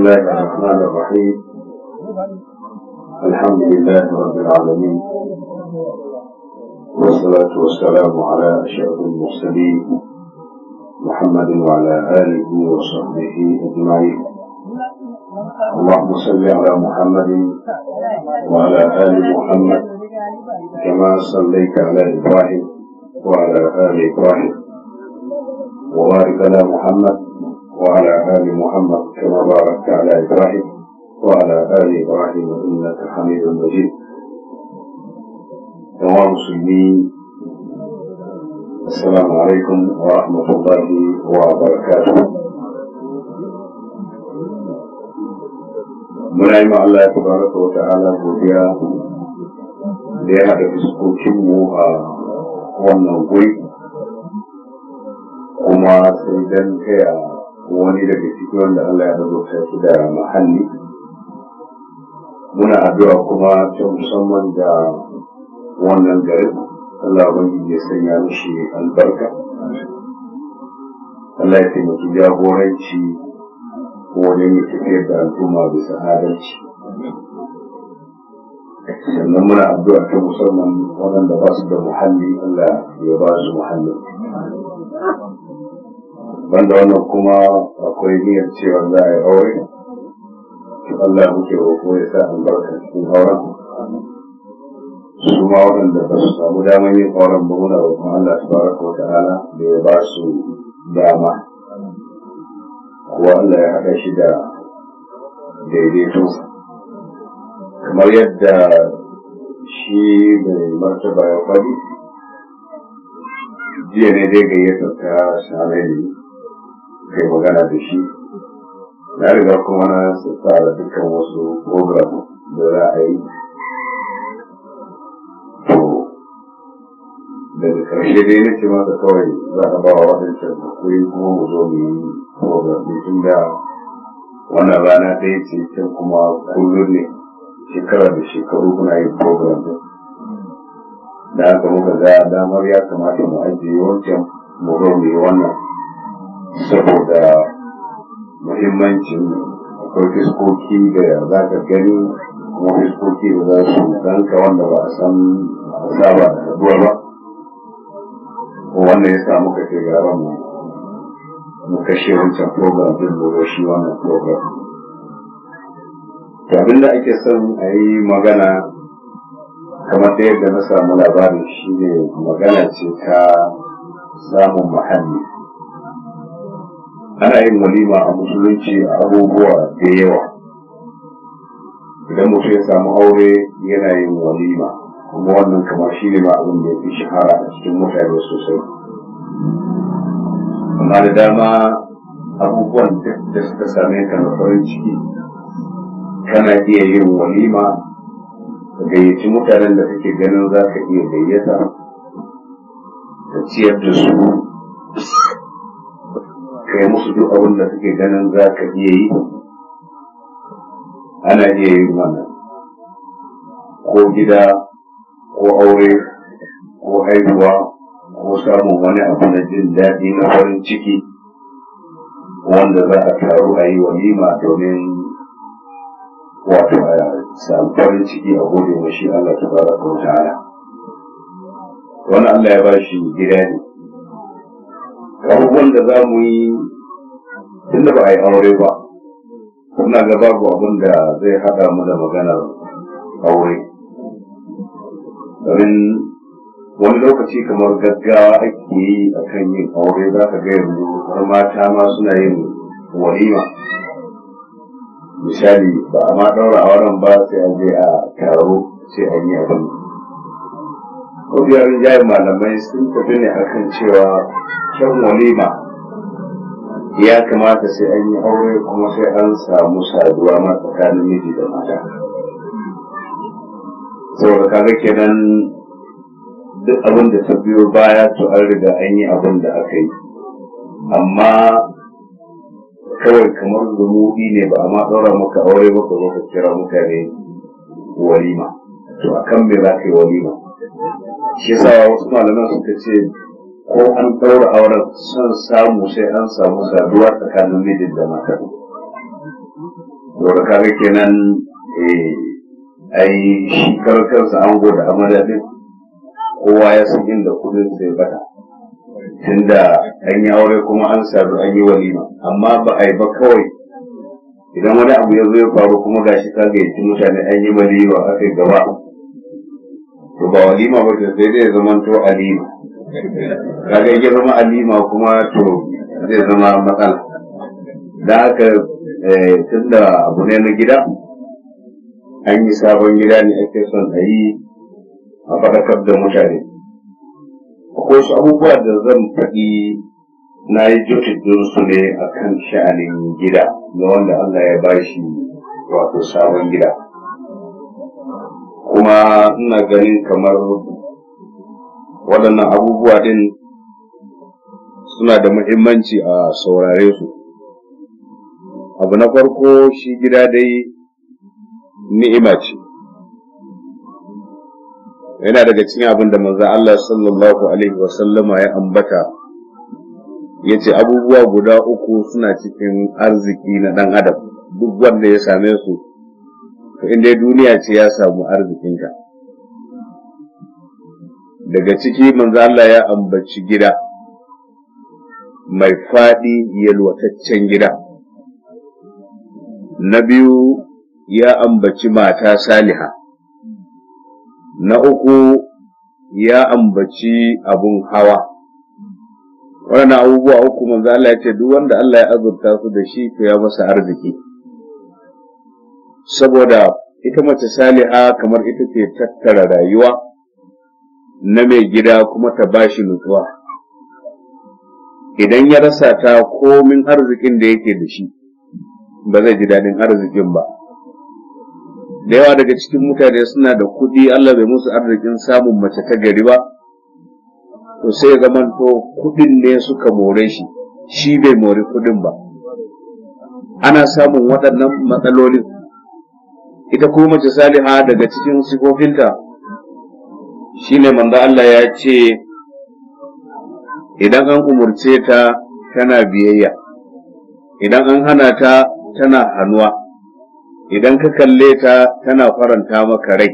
الله الرحمن الرحيم الحمد لله رب العالمين والصلاة والسلام على أشرف المرسلين محمد وعلى آله وصحبه أجمعين اللهم صل على محمد وعلى آل محمد كما صليت على إبراهيم وعلى آل إبراهيم وبارك على محمد وعلى آل محمد كما باركت على إبراهيم وعلى آل إبراهيم إنك حميد مجيد نوار المسلمين السلام عليكم ورحمة الله وبركاته منعم الله تبارك وتعالى بوديا لأحد السكوتين موها ومنا وي وما سيدن هي wani daga ciki wanda Allah ya rubuta shi da muhalli? muna addu'a kuma ta musamman da wannan garin Allah ubangiji ya sanya mishi albarka Allah ya taimaki jagoranci wajen ya tafiyar da al'umma bisa adalci sannan muna addu'a ta musamman waɗanda ba su da muhalli Allah ya ba su muhalli banda wannan kuma akwai niyyar cewa za a yi aure Allah muke roƙo ya sa albarka cikin auren su ma waɗanda ba su samu damar yin auren ba muna roƙon Allah tabaraka ta ta'ala da ya ba su dama kuwa Allah ya haɗa shi da daidaito kamar yadda shi mai martaba ya faɗi jiya ne dai gayyatar ta sami ne kai magana da shi na riga kuma na da dukkan wasu program da za a yi daga karshe dai na ce masa kawai za a ba wa waɗancan akwai kuma mu zo mu yi program tun da wannan rana ɗaya ce can kuma kullum ne shekara da shekaru kuna yin program din da haka muka ga damar ya kamata mu ajiye wancan mu zo mu yi wannan saboda muhimmancin akwai fiskoki da za ka gani kuma fiskoki da za su ganka wanda ba a san saba da saduwa ba ko wanda ya sa muka ce gara mu mu kashe wancan program din da shi wannan program to abinda ake son a yi magana kamar da yadda na samu labarin shine magana ce ta samun muhalli ana yin walima a musulunci a abubuwa da yawa idan mutum ya samu aure yana yin walima kuma wannan kamar shi ne ma abin da ya fi shahara a cikin mutane sosai amma da dama abubuwan da suka same ka na farin ciki kana iya yin walima ka gayyaci mutanen da kake ganin za ka iya gayyata ka ciyar da su kai musu duk abin da suke ganin za ka iya yi ana iya yin wannan ko gida ko aure ko haihuwa ko samun wani abu na jin daɗi na farin ciki wanda za a taru a yi wa lima domin wato a samu farin ciki a gode mashi shi Allah ta baraka wa ta'ala Wani Allah ya ba shi gida ne abubuwan da za mu yi tun ba a yi aure ba suna ga babu abin da zai hada mu da maganar aure domin wani lokaci kamar gaggawa ake yi a kan yin aure za ka ga yanzu har mata ma suna yin walima misali ba a ma a wannan ba sai an je a taro sai an yi abin mafiyarin jayin malamai sun tafi ne akan cewa ƙarshen walima ya kamata sai an yi aure kuma sai an samu saduwa ma tsakanin miji da mata saboda kaga kenan duk abin da ta biyo baya to an riga an yi abin da aka yi amma kawai kamar zumuɗi ne ba a ma maka aure ba ka zo ka kira mutane walima to akan me za ka yi walima shi yasa wasu malaman suka ce ko an ɗaura auren son samu sai an samu saduwa tsakanin mijin da mata. Dora kare kenan eh, ai shi karkarsa an da amarya din kowa ya san inda kudin zai bata. Tunda an yi aure kuma an sadu an yi walima amma ba a yi ba kawai idan wani abu ya zo ya faru kuma gashi ka gayyaci mutane an yi walima aka gaba to ba walima ba ta dai ya zamanto alima kaga ya zama alima kuma to zai zama matsala da haka eh, tun da abu ne na gida an yi sabon gida ne ake son a yi a faɗakar da mutane akwai su abubuwa da zan faɗi na yi jotin su ne a kan sha'anin gida na wanda Allah ya bashi wato sabon gida kuma ina ganin kamar waɗannan abubuwa ɗin suna da muhimmanci a saurare su abu na farko shi gida dai ni'ima ce yana daga cikin abin da manzo Allah sallallahu alaihi sallama ya ambata ya ce abubuwa guda uku suna cikin arziki na ɗan adam duk wanda ya same su to inda duniya ce ya samu ka daga ciki manzo Allah ya ambaci gida mai faɗi yalwataccen gida na biyu ya ambaci mata saliha na uku ya ambaci abun hawa waɗannan abubuwa uku manzo Allah ya ce duk wanda Allah ya azurta su da shi to ya masa arziki saboda ita mace saliha kamar ita ce tattara rayuwa na mai gida kuma ta bashi nutsuwa idan ya rasa ta komin arzikin da yake da shi ba zai ji daɗin arzikin ba da yawa daga cikin mutane suna da kuɗi Allah bai musu arzikin samun mace ta gari ba to sai zamanto kuɗin ne suka more shi shi bai mori kuɗin ba ana samun waɗannan matsalolin ita kuma mace saliha daga cikin sifofinta Shi ne manzo Allah ya ce idan an umurce ta tana biyayya idan an hana ta tana hannuwa idan ka kalle ta tana faranta maka rai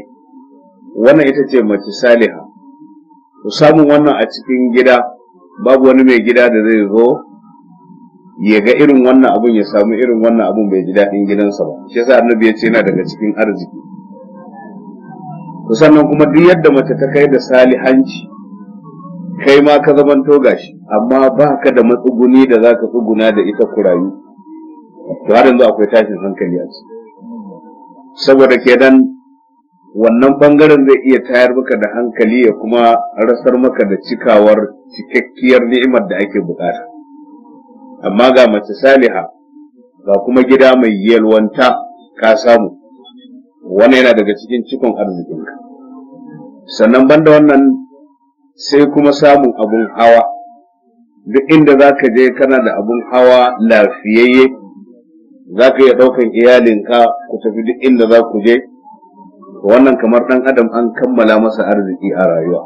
wannan ita ce mace saliha ku samu wannan a cikin gida babu wani mai gida da zai zo ya ga irin wannan abun ya samu irin wannan abun bai ji daɗin gidansa ba shi yasa annabi ya ce yana daga cikin arziki sannan kuma duk yadda mace ta kai da salihanci kai ma ka zamanto gashi amma ba ka da matsuguni da za ka tsuguna da ita ku rayu to har yanzu akwai tashin hankali a ciki saboda dan wannan bangaren zai iya tayar maka da hankali ya kuma rasar maka da cikawar cikakkiyar ni'imar da ake bukata amma ga mace saliha ga kuma gida mai yalwanta ka samu Wani yana daga cikin cikon arzikinka sannan banda wannan sai kuma samun abun hawa duk inda za ka je kana da abun hawa lafiyayye za ka iya ɗaukan iyalinka ku tafi duk inda za ku je wannan kamar ɗan adam an kammala masa arziki a rayuwa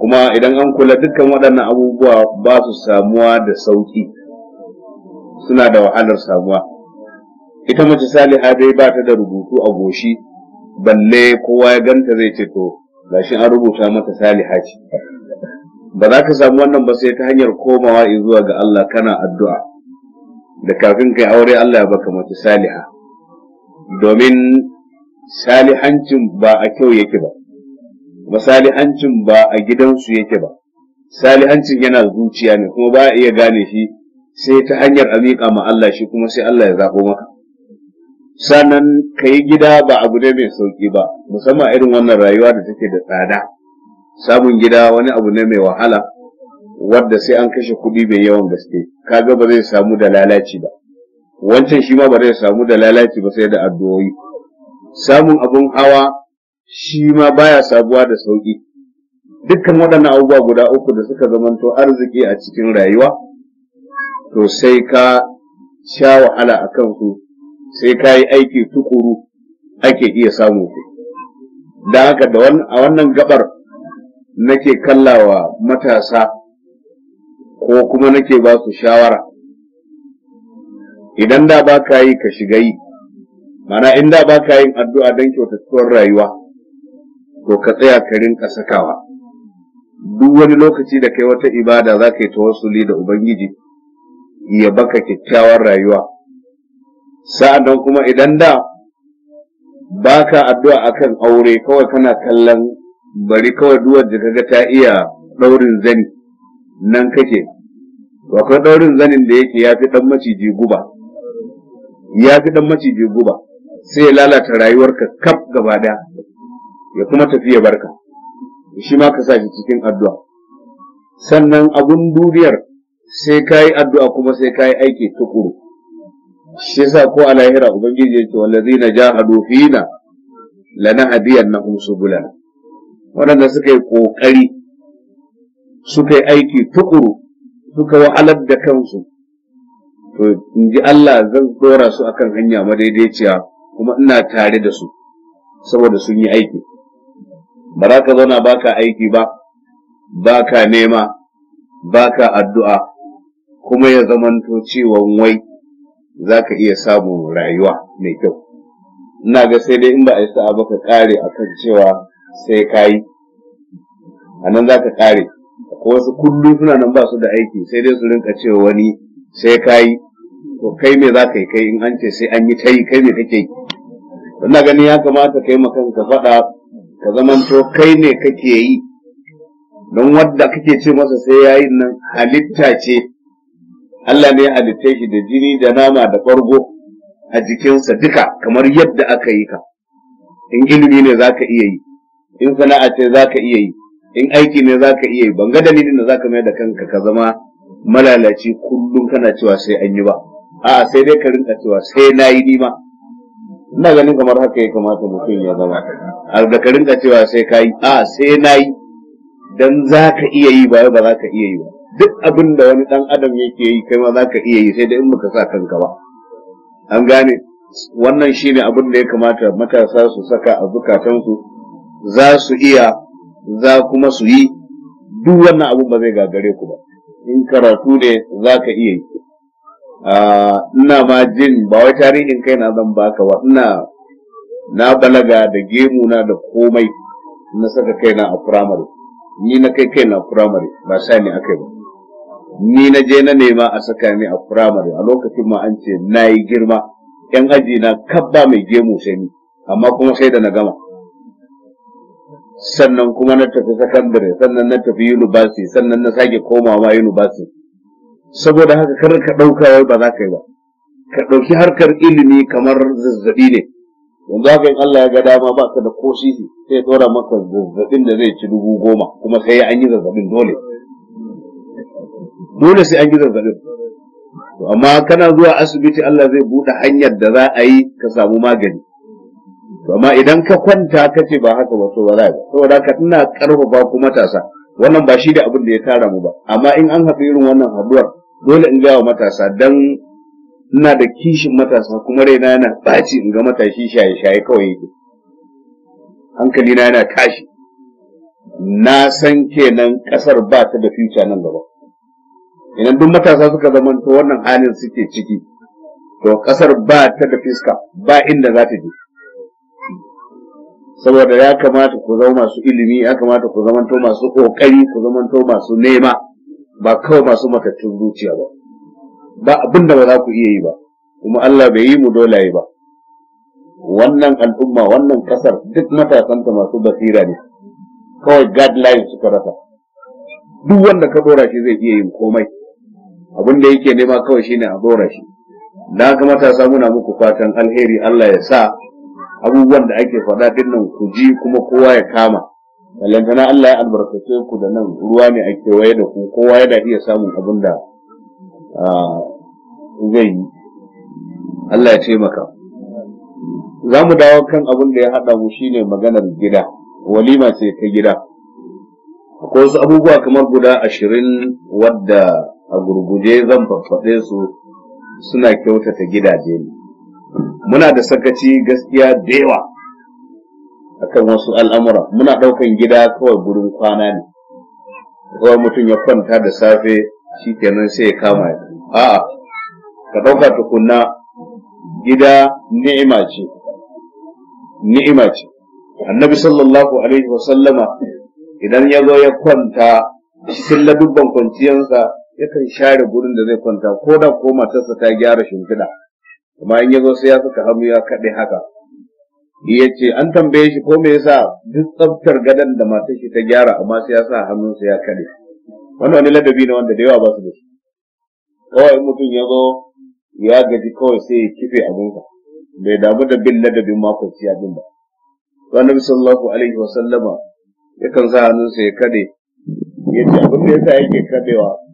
kuma idan an kula dukkan waɗannan abubuwa ba su samuwa da sauƙi suna da wahalar samuwa ita mace saliha dai ba ta da rubutu a goshi balle kowa ya ganta zai ce to gashi an rubuta mata saliha ce ba za ka samu wannan ba sai ta hanyar komawa zuwa ga Allah kana addu'a da kafin kai aure Allah ya baka mace saliha domin salihancin ba a kyau yake ba masalihancin ba a gidansu yake ba salihancin yana zuciya ne kuma ba a iya gane shi sai ta hanyar a ma Allah shi kuma sai Allah ya zaɓo maka sannan ka yi gida ba abu ne mai sauki ba musamman irin wannan rayuwa da take da tsada samun gida wani abu ne mai wahala wadda sai an kashe kuɗi mai yawan gaske kaga ba zai samu da lalaci ba wancan shi ma ba zai samu da lalaci ba sai da addu'o'i samun abun hawa shi ma baya sabuwa da sauki dukkan waɗannan abubuwa guda uku da suka zamanto arziki a cikin rayuwa to sai ka sha wahala a kansu sai ka yi aiki tukuru ake iya samu ku don haka da a wannan gabar nake kallawa matasa ko kuma nake ba su shawara idan da ba ka yi ka shiga yi mana in da ba ka yin addu'a don kyautattuwar rayuwa to ka tsaya ka rinka sakawa duk wani lokaci da kai wata ibada za ka yi ta wasu da ubangiji ya baka kyakkyawar rayuwa sa'an nan kuma idan da ba ka addu'a a kan aure kawai kana kallon bari kawai duwar ga ta iya ɗaurin zani nan kake akwai ɗaurin zanin da yake ya fi ɗan maciji guba ya fi ɗan maciji guba sai ya lalata rayuwarka kaf gaba ɗaya ya kuma tafi ya barka shi ma ka sa cikin addu'a sannan abun duniyar sai ka yi addu'a kuma sai ka yi aiki tukuru shi yasa ko a lahira ubangiji ya ce wallazina jahadu fina lanahdiyannahum subulana waɗanda suka yi ƙoƙari suka yi aiki tukuru suka wa'alar da kansu to in ji Allah zan dora su akan hanya madaidaiciya kuma ina tare da su saboda sun yi aiki ba za ka zauna baka aiki ba baka nema baka addu'a kuma ya zamanto cewa wai za ka iya samun rayuwa mai kyau ina ga sai dai in ba a yi sa'a ba ka kare akan cewa sai ka yi a nan za ka kare ko wasu kullum suna nan ba su da aiki sai dai su rinka cewa wani sai ka yi to kai me za ka yi kai in an ce sai an yi ta yi kai me kake yi ina gani ya kamata kai ma ka faɗa ka zamanto kai ne kake yi don wadda kake ce masa sai ya yi nan halitta ce Allah ne ya halitta shi da jini da nama da bargo a jikinsa duka kamar yadda aka yi ka in ilimi ne zaka iya yi in sana'a ce zaka iya yi in aiki ne zaka iya yi ban ga dalilin da zaka mai da kanka ka zama malalaci kullum kana cewa sai an yi ba a'a sai dai ka rinka cewa sai na yi ni ma ina ganin kamar haka ya kamata mutum ya zama da ka rinka cewa sai ka yi a'a sai na yi dan zaka iya yi ba ba za ka iya yi ba duk abin da wani dan adam yake yi kai ma zaka iya yi sai da in baka sa kanka ba an gane wannan shine abin da ya kamata matasa su saka a zukatansu za su iya za kuma su yi duk wannan abin ba zai gagare ku ba in karatu ne za ka iya yi ina ma jin ba wai tarihin kai na zan baka ba ina na balaga da gemu na da komai na saka kaina a firamare ni na kai kaina firamare ba sani akai ba ni na je na nema a saka ni a firamare a lokacin ma an ce na yi girma yan aji na kabba mai gemu sai ni amma kuma sai da na gama sannan kuma na tafi sakandare sannan na tafi yunibasi sannan na sake komawa yunibasi saboda haka kar ka ɗauka wai ba za ka yi ba ka ɗauki harkar ilimi kamar zazzaɓi ne yanzu haka in Allah ya ga dama ba ka da koshi sai ɗora maka zazzaɓin da zai ci dubu goma kuma sai an yi zazzaɓin dole dole sai an yi To amma kana zuwa asibiti Allah zai buɗe hanyar da za a yi ka samu magani To amma idan ka kwanta ka ce ba haka ba to ba za ba saboda haka ina karfafa ku matasa wannan ba shi da abin da ya tara mu ba amma in an haɗu irin wannan haɗuwar dole in gawa matasa dan ina da kishin matasa kuma raina yana ɓaci in ga matashi shaye shaye kawai yake hankali na yana tashi na san kenan ƙasar ba ta da future nan gaba idan duk matasa suka zama to wannan halin suke ciki to kasar ba ta da fiska ba inda za ta je saboda ya kamata ku zama masu ilimi ya kamata ku zamanto masu kokari ku zamanto masu nema ba kawai masu matattun zuciya ba ba abin da ba za ku iya yi ba kuma Allah bai yi mu dole yi ba wannan al'umma wannan kasar duk matasanta masu basira ne kawai guidelines suka rasa duk wanda ka dora shi zai iya yin komai abin da yake nema kawai shine a dora shi da haka matasa muna muku fatan alheri Allah ya sa abubuwan da ake faɗa din nan ku ji kuma kowa ya kama lantana Allah ya albarkace ku da nan ruwa ne a kewaye da ku kowa yana iya samun abin da zai yi Allah ya taimaka za mu dawo kan abin da ya haɗa mu shine maganar gida walima ce ta gida akwai wasu abubuwa kamar guda ashirin wadda a gurguje zan faffaɗe su suna kyautata gidaje ne muna da sakaci gaskiya da yawa akan wasu al'amura muna ɗaukan gida kawai gurin kwana ne kawai mutum ya kwanta da safe shi kenan sai ya kama ya a'a ka ɗauka tukunna gida ni'ima ce annabi sallallahu alaihi wasallama idan ya zo ya kwanta cikin ladubban kwanciyarsa yakan share gurin da zai kwanta ko da ko matarsa ta gyara shimfiɗa amma in ya zo sai ya saka hannu ya kaɗe haka ya ce an tambaye shi ko me yasa duk tsaftar gadon da matar shi ta gyara amma sai ya sa hannunsa ya kaɗe wannan wani ladabi ne wanda da yawa ba su da shi kawai mutum ya zo ya gaji kawai sai ya kife abinsa bai damu da bin ladabin makwabci abin ba to annabi sallallahu alaihi wa sallama yakan sa hannunsa ya kaɗe ya ce abin da yasa yake kaɗewa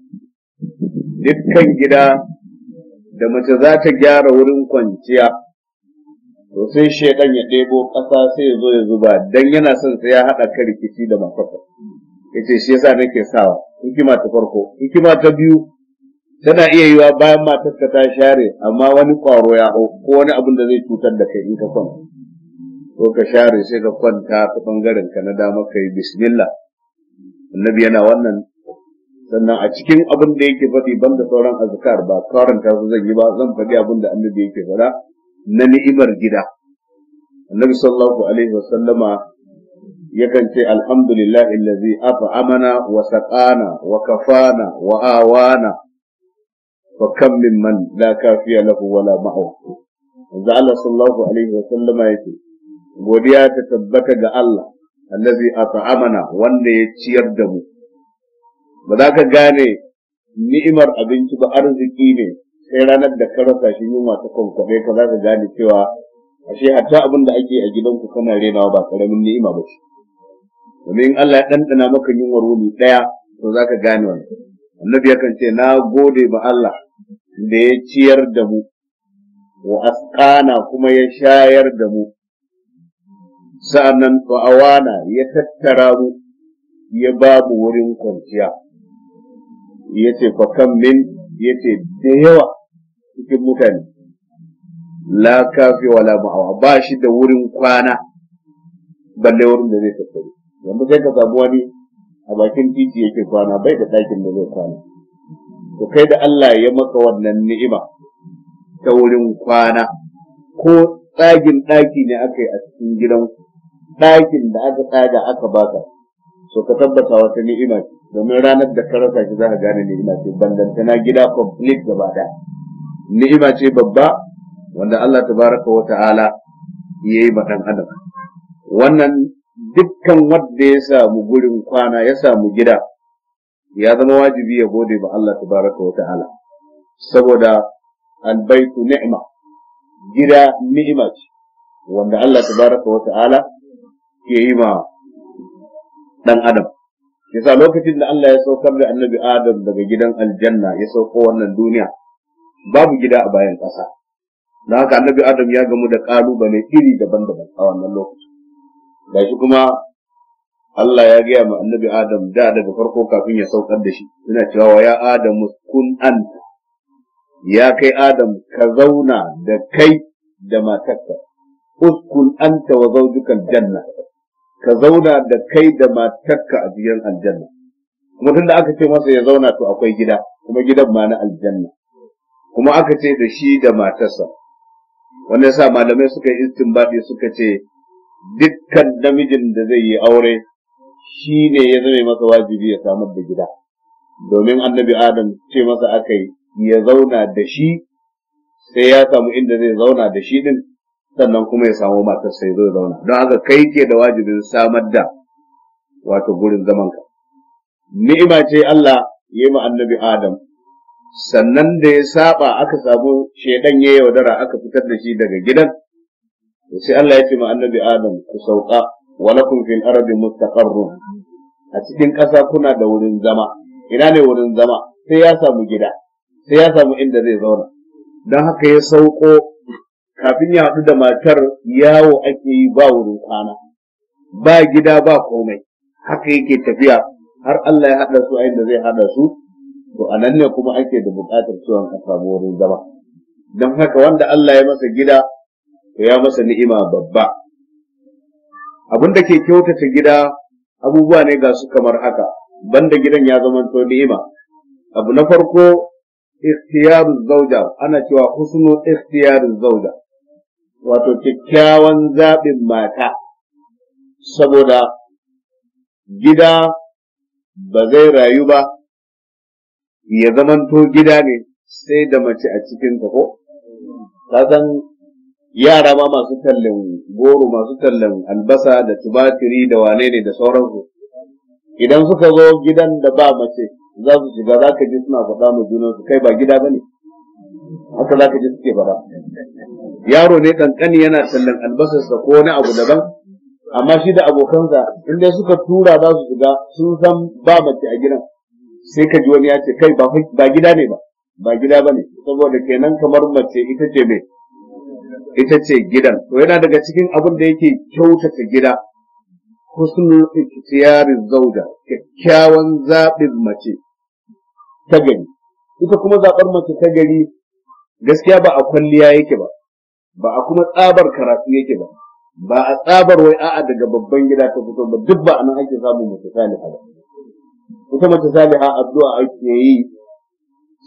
dukkan gida da mace za ta gyara wurin kwanciya to sai shaidan ya ɗebo ƙasa sai ya zo ya zuba dan yana son sai ya haɗa ka rikici da ya yace shi yasa nake sawa hikima ta farko hikima ta biyu tana iya yiwa bayan matar ta share amma wani ƙwaro ya hau ko wani abin da zai cutar da kai in ka kwana ko ka share sai ka kwanta ta bangaren ka na dama ka yi bismillah annabi yana wannan sannan a cikin abin da yake faɗi banda sauran azkar ba karanta kasu zan yi ba zan faɗi abin da annabi yake faɗa na ni'imar gida annabi sallallahu alaihi wasallama yakan ce alhamdulillah allazi amana, wa saqana wa kafana wa awana fa kam min man la kafiya lahu wala ma'aw Allah sallallahu alaihi wasallama yake godiya ta tabbata ga Allah allazi amana, wanda ya ciyar da mu ba za ka gane ni'imar abinci ba arziki ne sai ranar da ka rasa shi yunwa ta kwankwabe ka za ka gane cewa ashe hatta abin da ake a gidanku kana renawa ba karamin ni'ima ba ce domin Allah ya ɗanɗana maka yunwar wuni ɗaya to za ka gane wani annabi yakan ce na gode ma Allah da ya ciyar da mu wa asqana kuma ya shayar da mu sa'annan wa awana ya tattara mu ya babu wurin kwanciya ya fa kam min ya ce da yawa cikin mutane la kafi la ma'awa ba shi da wurin kwana balle wurin da zai tattare yanzu sai ka samu wani a bakin titi yake kwana bai da ɗakin da zai kwana to kai da Allah ya maka wannan ni'ima ta wurin kwana ko tsagin ɗaki ne aka yi a cikin gidan ɗakin da aka tsaga aka baka so ka tabbata wata ni'ima ce domin ranar da ka rasa shi za ka gane ni'ima ce ballantana gida complete gaba ɗaya ni'ima ce babba wanda Allah tabaraka wa ta'ala ya yi ma ɗan adam wannan dukkan wanda ya samu gurin kwana ya samu gida ya zama wajibi ya gode ba Allah tabaraka wa ta'ala saboda albaitu ni'ima gida ni'ima ce wanda Allah tabaraka wa ta'ala ke yi ma ɗan adam yasa lokacin da Allah ya saukar da annabi Adam daga gidan aljanna ya sauko wannan duniya babu gida a bayan ƙasa don haka annabi Adam ya gamu da ƙalubale iri daban-daban a wannan lokacin shi kuma Allah ya gaya ma annabi Adam da daga farko kafin ya saukar da shi yana cewa ya Adam kun anta ya kai Adam ka zauna da kai da matarka uskun anta wa zaujukal janna ka zauna da kai da matarka a biyar aljanna kuma tun da aka ce masa ya zauna to akwai gida kuma gidan ma na aljanna kuma aka ce da shi da matarsa wanda yasa malamai suka yi istinbati suka ce dukkan namijin da zai yi aure shi ne ya zame masa wajibi ya samar da gida domin annabi adam ce masa aka yi ya zauna da shi sai ya samu inda zai zauna da shi din sannan kuma ya samu matar sai zai zauna don haka kai ke da wajibin samar da wato gurin zamanka ni'ima ce Allah ya ma annabi Adam sannan da ya saba aka samu shedan ya yaudara aka fitar da shi daga gidan sai Allah ya ce ma annabi Adam ku sauka walakum fil ardi mustaqarrun a cikin ƙasa kuna da wurin zama ina ne wurin zama sai ya samu gida sai ya samu inda zai zauna don haka ya sauko kafin ya haɗu da matar yawo ake yi ba wurin kwana ba gida ba komai haka yake tafiya har Allah ya haɗa su a inda zai haɗa su to a nan ne kuma ake da buƙatar cewa a samu wurin zama don haka wanda Allah ya masa gida to ya masa ni'ima babba abin da ke kyautata gida abubuwa ne ga su kamar haka banda gidan ya to ni'ima abu na farko ikhtiyaruz zauja ana cewa husnu ikhtiyaruz zauja wato kyakkyawan zaɓin mata, saboda gida ba zai rayu ba, ya zamanto gida ne sai da mace a cikin ko? san yara ma masu tallan goro masu tallan albasa da tubatiri da wane ne da sauransu. Idan suka zo gidan da ba mace za su shiga za ka ji suna faɗa ma junansu kai ba gida ba ne. haka za ka ji suke bara yaro ne kankani yana tallan albasarsa ko wani abu daban amma shi da abokansa in dai suka tura za su shiga sun san ba mace a gidan sai ka ji wani ya ce kai ba gida ne ba ba gida ba ne saboda kenan kamar mace ita ce mai ita ce gidan to yana daga cikin abin da yake kyautata gida husnul ikhtiyarin zauda kyakkyawan zaɓin mace ta gari ita kuma zaɓar mace ta gari gaskiya ba a kwalliya yake ba ba a kuma tsabar karatu yake ba ba a tsabar wai a'a daga babban gida ta fito ba duk ba a nan ake samun mace saliha ba ita mace saliha addu'a ake yi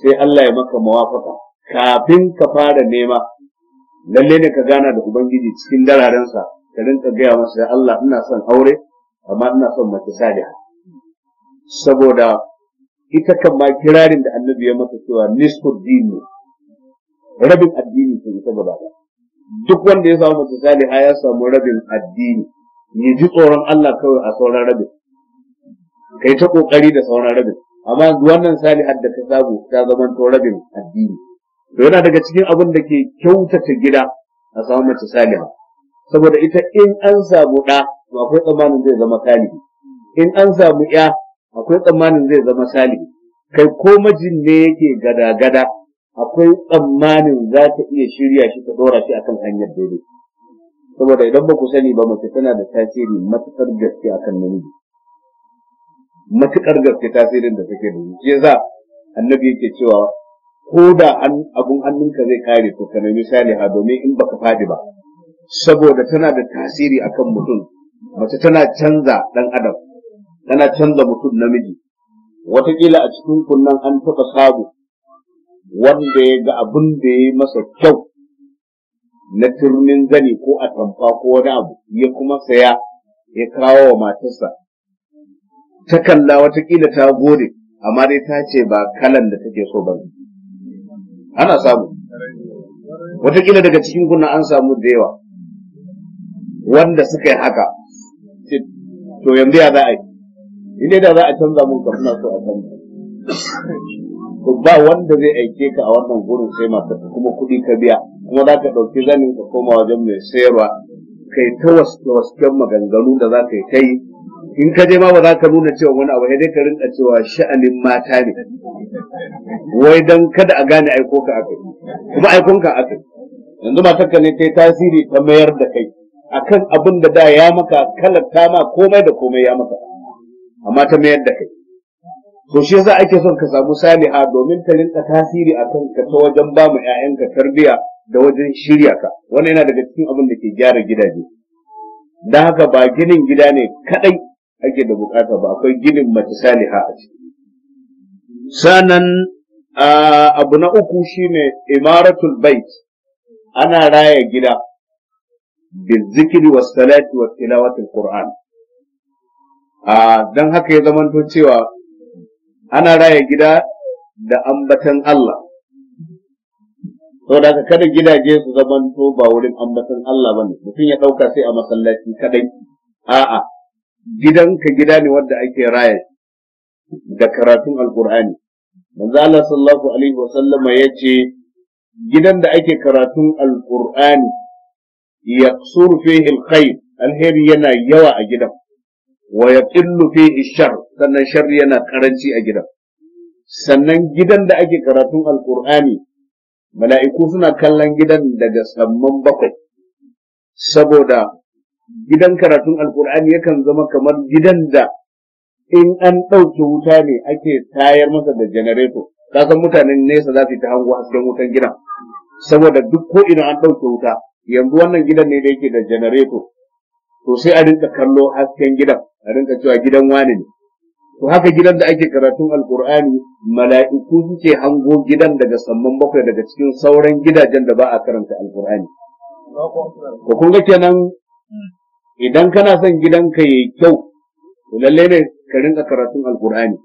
sai Allah ya maka mawafaka kafin ka fara nema lalle ne ka gana da ubangiji cikin dararen sa ka rinka gaya masa Allah ina son aure amma ina son mace saliha saboda ita kan ma kirarin da annabi ya mata cewa nisfu dini rabin addini ke ta gaba duk wanda ya samu mace saliha ya samu rabin addini ya ji tsoron Allah kawai a sauran rabin kai ta ƙoƙari da sauran rabin amma wannan saliha da ka samu ta zama to rabin addini to yana daga cikin abin da ke kyautata gida a samu mace saliha saboda ita in an samu ɗa to akwai tsammanin zai zama salihi in an samu ya akwai tsammanin zai zama salihi kai ko majin ne yake gada-gada akwai tsammanin za ta iya shirya shi ta ɗora shi akan hanyar daidai saboda idan ba ku sani ba mace tana da tasiri matuƙar gaske akan namiji matuƙar gaske tasirin da take da shi yasa annabi yake cewa ko da abun hannunka zai kare to ka misali saliha domin in baka fadi ba saboda tana da tasiri akan mutum mace tana canza ɗan adam tana canza mutum namiji Wataƙila a cikin kunnan an taɓa sabu wanda ya ga abin da ya yi masa kyau na turmin zani ko a tamfa ko wani abu ya kuma saya ya kawo wa matarsa ta kalla watakila ta gode amma dai ta ce ba kalan da take so ba ana samu watakila daga cikin kuna an samu da yawa wanda suka yi haka to yanzu ya za a yi inda da za a canza mun kafin so a canza to ba wanda zai aike ka a wannan gurin sai mata kuma kuɗi ka biya kuma za ka ɗauki zanin ka koma wajen mai sayarwa kai ta wasken maganganu da za ka yi ta yi in ka je ma ba za ka nuna cewa wani abu sai dai ka rinka cewa sha'anin mata ne wai don kada a gane aiko ka akai kuma aikon ka akai yanzu matarka ne yi tasiri ta mayar da kai akan abin da da ya maka kalata ma komai da komai ya maka amma ta mayar da kai to shi yasa ake son ka samu saliha domin ka rinka tasiri a kanka ta wajen ba mu ƴaƴanka tarbiya da wajen shirya ka wannan yana daga cikin abin da ke gyara gidaje dan haka ba ginin gida ne kadai ake da bukata ba akwai ginin mace saliha a ciki sanan abu na uku shine imaratul bait ana raya gida bil zikri was salati was tilawati qur'an dan haka ya zamanto cewa ana raya gida da ambatan Allah saboda kada gidaje su zamanto ba wurin ambatan Allah ba ne, mutum ya ɗauka sai a masallaci kaɗai. a'a gidanka gida ne wanda ake raya da karatun Alƙur'ani. manzo Allah sallallahu alaihi ya ce, gidan da ake karatun alkur'ani ya surfe alkhair alheri yana yawa a gidan wa ƙillu fi ishar sannan shar yana karanci a gidan sannan gidan da ake karatun Alƙur'ani, mala'iku suna kallon gidan daga saman bakwai saboda gidan karatun alkur'ani yakan zama kamar gidan da in an ɗauke wuta ne ake tayar masa da janareto ka san mutanen nesa za su ta hango hasken wutan gidan saboda duk ko ina an ɗauke wuta yanzu wannan gidan ne da yake da janareto to sai a rinka kallo hasken gidan a rinka cewa gidan wani ne to haka gidan da ake karatun alkur'ani mala'iku suke hango gidan daga samman bakwai daga cikin sauran gidajen da ba a karanta alkur'ani Ko kun ga kenan idan kana son gidanka yayi kyau to lalle ne ka rinka karatun alkur'ani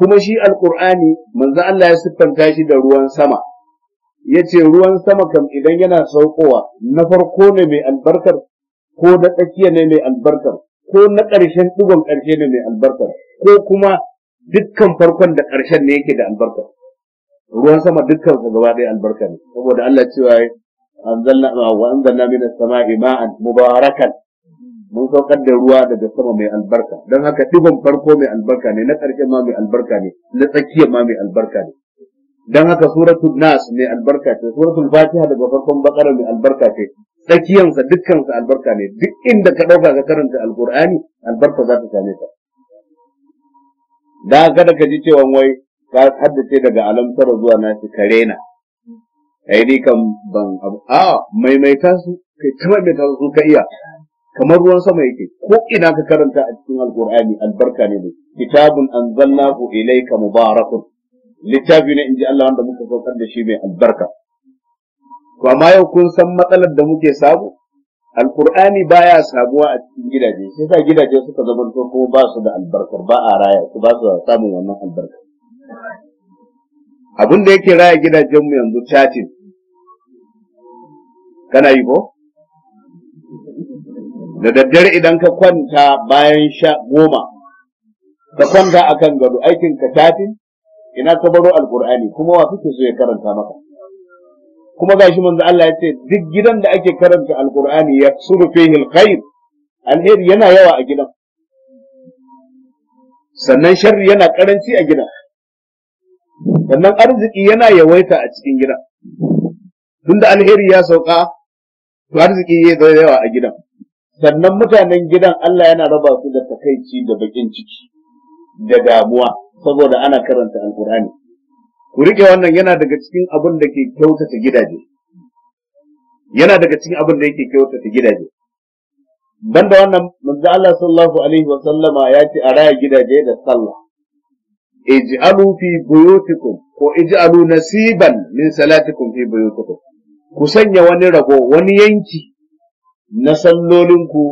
kuma shi alkur'ani manzo Allah ya siffanta shi da ruwan sama yace ruwan sama kam idan yana saukowa na farko ne mai albarkar ko na tsakiya ne mai albarkar ko na ƙarshen ɗigon ƙarshe ne mai albarkar ko kuma dukkan farkon da ƙarshen ne yake da albarka ruwan sama dukkan su gaba ɗaya albarka ne saboda Allah cewa anzalna wa anzalna as sama'i ma'an mubarakan mun saukar da ruwa daga sama mai albarka don haka digon farko mai albarka ne na ƙarshe ma mai albarka ne na tsakiya ma mai albarka ne don haka suratul nas mai albarka ce suratul fatiha daga farkon bakara mai albarka ce tsakiyansa dukkansa albarka ne duk inda ka ɗauka ka karanta alkur'ani albarka za ta same ka da kada ka ji cewa wai ka haddace daga alamtar zuwa na shi karena ai ni kan ban abu a maimaita su kai ta maimaita su ka iya kamar ruwan sama yake ko ina ka karanta a cikin alkur'ani albarka ne ne kitabun anzalnahu ilayka mubarakun littafi ne inji Allah wanda muka saukar da shi mai albarka to amma yau kun san matsalar da muke samu alkur'ani baya sabuwa a cikin gidaje sai sa gidaje suka zama to kuma ba su da albarkar ba a raya su ba su samun wannan albarkar abin da yake raya gidajen mu yanzu chatin. kana yi ko da daddare idan ka kwanta bayan sha goma ka kwanta akan gado aikin ka chatin, ina ka baro alkur'ani kuma wa kake so ya karanta maka kuma gashi manzo Allah ya ce duk gidan da ake karanta alqur'ani ya suru fihi alkhair alheri yana yawa a gidan sannan sharri yana karanci a gidan sannan arziki yana yawaita a cikin gidan tunda alheri ya sauka to arziki zai zo yawa a gidan sannan mutanen gidan Allah yana raba su da takaici da bakin ciki da damuwa saboda ana karanta alkur'ani ku riƙe wannan yana daga cikin abin da ke kyautata gidaje yana daga cikin abin da yake kyautata gidaje banda wannan manzo Allah sallallahu alaihi wa sallama ya ce a raya gidaje da sallah ij'alu fi buyutikum ko ij'alu nasiban min salatikum fi buyutikum ku sanya wani rago wani yanki na sallolinku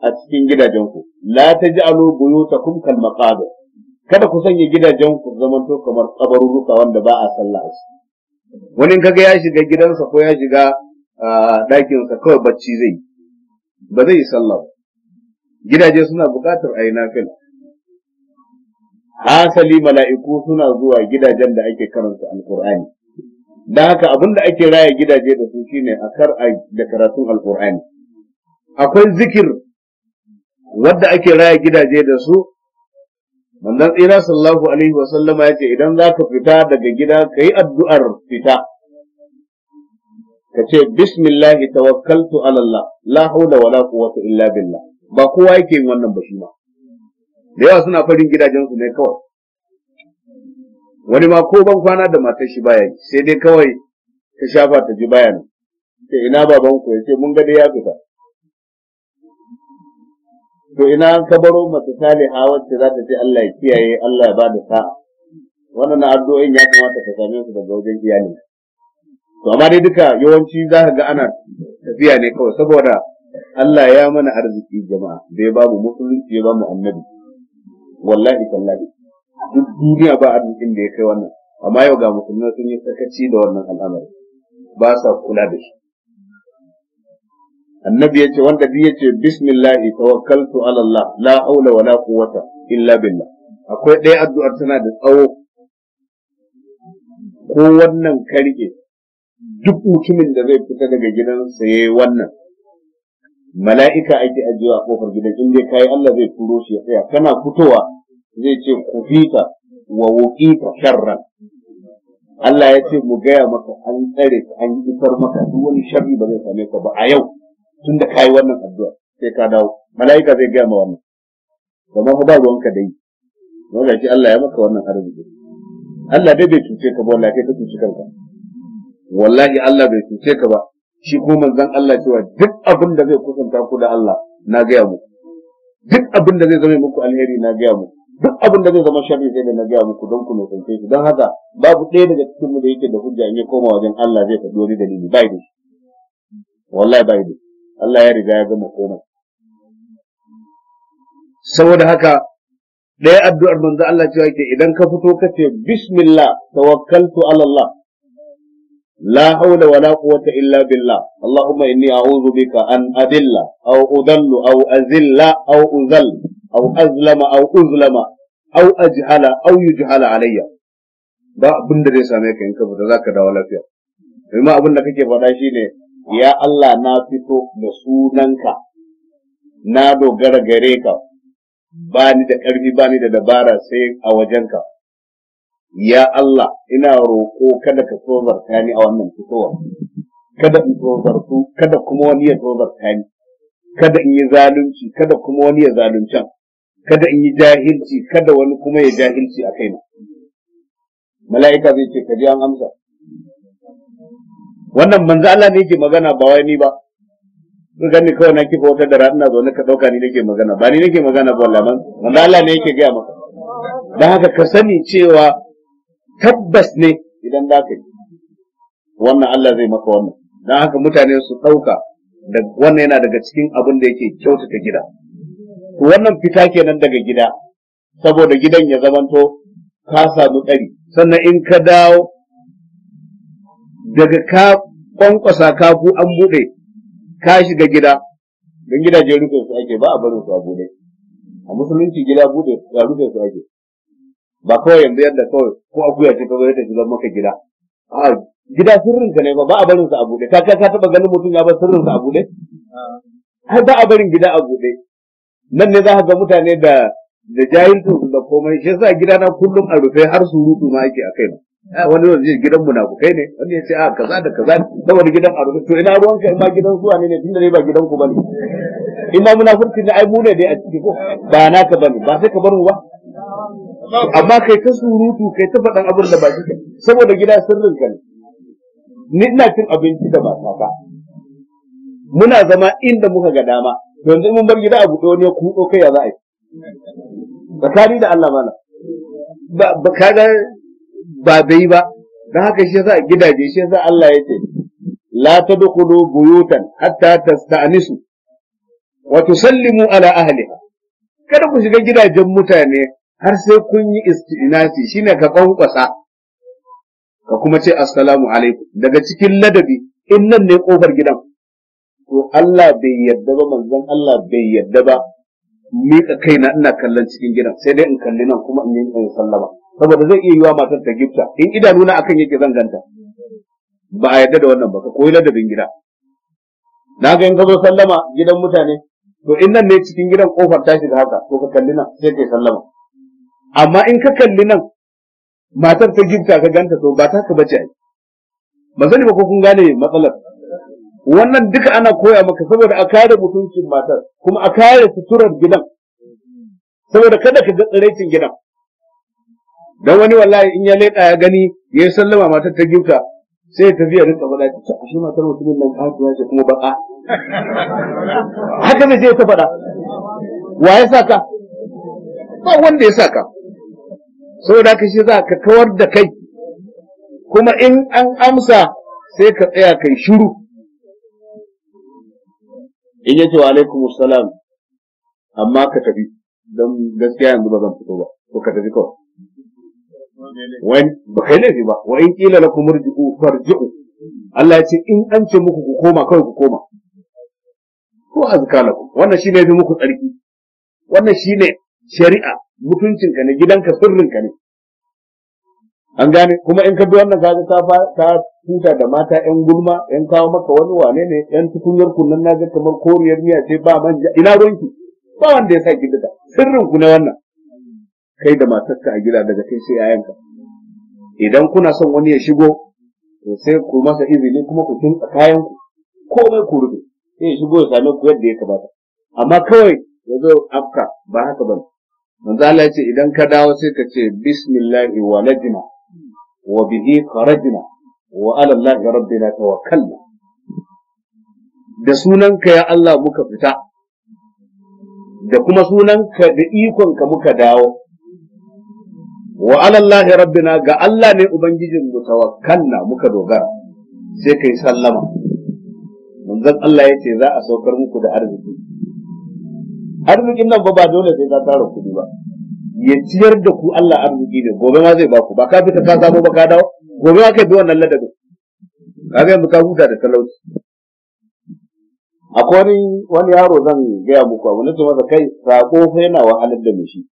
a cikin gidajenku la taj'alu buyutakum kal maqabir kada ku sanya gidajen ku zaman to kamar kabarurruka wanda ba a sallah a ciki wani kaga ya shiga gidansa ko ya shiga ɗakinsa kawai bacci zai ba zai yi sallah gidaje suna buƙatar a yi nafil hasali mala'iku suna zuwa gidajen da ake karanta Alƙur'ani. don haka abin da ake raya gidaje da su shine a kar a da karatun alkur'ani akwai zikir wadda ake raya gidaje da su manzon tsira sallallahu alaihi wa sallama yace idan zaka fita daga gida kai addu'ar fita kace bismillah tawakkaltu ala Allah la hawla wala quwwata illa billah ba kowa yake yin wannan ba shi ma da yawa suna farin gidajen su ne kawai wani ma ko ban kwana da matar shi baya sai dai kawai ta shafa ta ji bayan ina babanku ku yace mun ga dai ya fita to ina an kabaro mace saliha wacce za ta ce Allah ya kiyaye Allah ya bada sa'a wannan addu'o'in ya kamata ka same su daga wajen iyali to amma dai duka yawanci za ka ga ana tafiya ne kawai saboda Allah ya mana arziki jama'a bai ba bamu musulunci ba bamu annabi wallahi tallahi duk duniya ba arzikin da ya kai wannan amma yau ga musulmai sun yi sakaci da wannan al'amari ba sa kula da shi annabi yace wanda bi yace bismillahi tawakkaltu ala Allah la haula wala quwwata illa billah akwai ɗaya addu'ar tana da tsawo ko wannan karke duk mutumin da zai fita daga gidansa yayi wannan mala'ika ake ajiyewa a kofar gidan in dai kai Allah zai turo shi ya tsaya kana fitowa zai ce kufita wa wuqita sharran Allah ya ce mu gaya maka an tsare an isar maka duk wani sharri ba zai same ka ba a yau tun da kayi wannan addu'a sai ka dawo mala'ika zai gaya ma wannan domin ba ruwanka dai. yi don shi Allah ya maka wannan arziki Allah dai bai cuce ka ba wallahi ka cuce kanka wallahi Allah bai cuce ka ba shi ko manzon Allah cewa duk abin da zai kusanta ku da Allah na gaya muku duk abin da zai zama muku alheri na gaya muku duk abin da zai zama sharri sai da na gaya muku don ku nufance shi don haka babu ɗaya daga cikin mu da yake da hujja in ya koma wajen Allah zai faɗi wani dalili bai da shi wallahi bai da shi Allah ya riga ya gama komai saboda haka ɗaya addu'ar manzo Allah cewa ke idan ka fito ka ce bismillah tawakkaltu ala Allah la haula wala quwwata illa billah allahumma inni a'udhu bika an adilla au udallu au azilla au uzal au azlama au uzlama au ajhala au yujhala alayya ba abin da zai same ka in ka fita ka dawo lafiya kuma abin da kake faɗa shine ya Allah na fito da sunanka na dogara gare ka ba ni da ƙarfi ba ni da dabara sai a wajenka ya Allah ina roƙo kada ka tozarta ni a wannan fitowar kada in tozartu kada kuma wani ya tozarta ni kada in yi zalunci kada kuma wani ya zaluncan kada in yi jahilci kada wani kuma ya jahilci a kaina mala'ika zai ce ka ji an amsa wannan manzo Allah ne yake magana ba wai ni ba kun gani kawai na kifa wata dara ina zaune ka dauka ni nake magana ba ni nake magana ba wallahi manzo Allah ne yake gaya maka dan haka ka sani cewa tabbas ne idan za ka wannan Allah zai maka wannan dan haka mutane su dauka da wannan yana daga cikin abin da yake kyautata gida wannan fita kenan daga gida saboda gidan ya zamanto ka samu tsari sannan in ka dawo daga ka kwankwasa kafu an buɗe ka shiga gida don gidajen rufe su ake ba a barin su a buɗe a musulunci gida buɗe a rufe su ake ba kawai yanzu yadda kawai ko akuya ce kawai ta shiga maka gida a gida ka ne ba ba a barin su a buɗe ka ka taɓa ganin mutum ya bar sirrinsa a buɗe har ba a barin gida a buɗe nan ne za ka ga mutane da da jahilcin da komai shi yasa na kullum a rufe har surutu ma ake a kai na Eh, wani zai gidan munafukai ne wani ya ce a ah, kaza da kaza da wani gidan a to ina ruwan ka ma gidan zuwa ne ne tunda dai ba gidan ku bane ina ma munafurci ne ai mu ne dai a ciki ko ba naka bane ba sai ka bar mu ba amma kai ta surutu kai ta faɗan abin da ba shi saboda gida sirrin ka ne ni ina cin abinci da matata muna zama inda muka ga dama yanzu mun bar gida a buɗe wani ya kuɗo kai ya za a yi tsakani da Allah mana ba ka ga ba bai ba don haka shi yasa gidaje shi yasa Allah ya ce la tadkhulu buyutan hatta tasta'nisu wa tusallimu ala ahliha kada ku shiga gidajen mutane har sai kun yi istinasi shine ka kwankwasa ka kuma ce assalamu alaikum daga cikin ladabi in nan ne kofar gidan to Allah bai yarda ba manzon Allah bai yarda ba mika kaina ina kallon cikin gidan sai dai in kalli nan kuma in yi sallama saboda zai iya yiwa matar ta gifta in idanu na akan yake zan ganta ba a yarda da wannan ba ka koyi ladabin gida na ga in ka zo sallama gidan mutane to in nan ne cikin gidan kofar ta shiga haka to ka kalli nan sai kai sallama amma in ka kalli nan matar ta gifta ka ganta to ba ta ka bace ai ba ba ko kun gane matsalar wannan duka ana koya maka saboda a kare mutuncin matar kuma a kare suturar gidan saboda kada ka ga tsiraicin gidan dan wani wallahi in ya leƙa ya gani ya sallama matar ta gifta sai ya tafi ya rinka faɗa ta shi matar mutumin nan ka ƙafiya ce kuma baka haka ne sai ta faɗa wa ya saka ba wanda ya saka saboda haka shi za ka kawar da kai kuma in an amsa sai ka tsaya kai shiru in yace wa alaikum salam amma ka tafi don gaskiya yanzu ba zan fito ba ko ka tafi kawai ba kai laifi ba wa in kila lakum irji'u farji'u Allah ya ce in an ce muku ku koma kawai ku koma ko azka lakum wannan shine fi muku tsarki wannan shine shari'a mutuncinka ne gidanka sirrinka ne an gane kuma in ka bi wannan kaga ta ta huta da mata yan gulma yan kawo maka wani wane ne yan tukunyar kunnan naga kamar koriyar miya sai ba manja ina ruwanki ba wanda ya sa ki sirrin ku ne wannan kai da matarka a gida daga kai sai yayanka idan kuna son wani ya shigo to sai ku masa izini kuma ku tun kayan ku komai ku rufe sai ya shigo ya same ku yadda ya kamata amma kawai ya zo afka ba haka ba manzo Allah ya ce idan ka dawo sai ka ce bismillahi waladina wa bihi kharajna wa ala allahi rabbina tawakkalna da sunanka ya Allah muka fita da kuma sunanka da ikonka muka dawo wa alallahi rabbina ga Allah ne ubangijin mu tawakkalna muka dogara sai kai sallama manzon Allah ya ce za a saukar muku da arziki arzikin nan ba ba dole sai ka tara kudi ba ya ciyar da ku Allah arziki ne gobe ma zai baku ba ka fita ka samu ba ka dawo gobe ma kai bi wannan ladabi kaga yanzu ka huta da talauci akwai wani yaro zan gaya muku abu na masa kai sako fa yana wahalar da mishi shi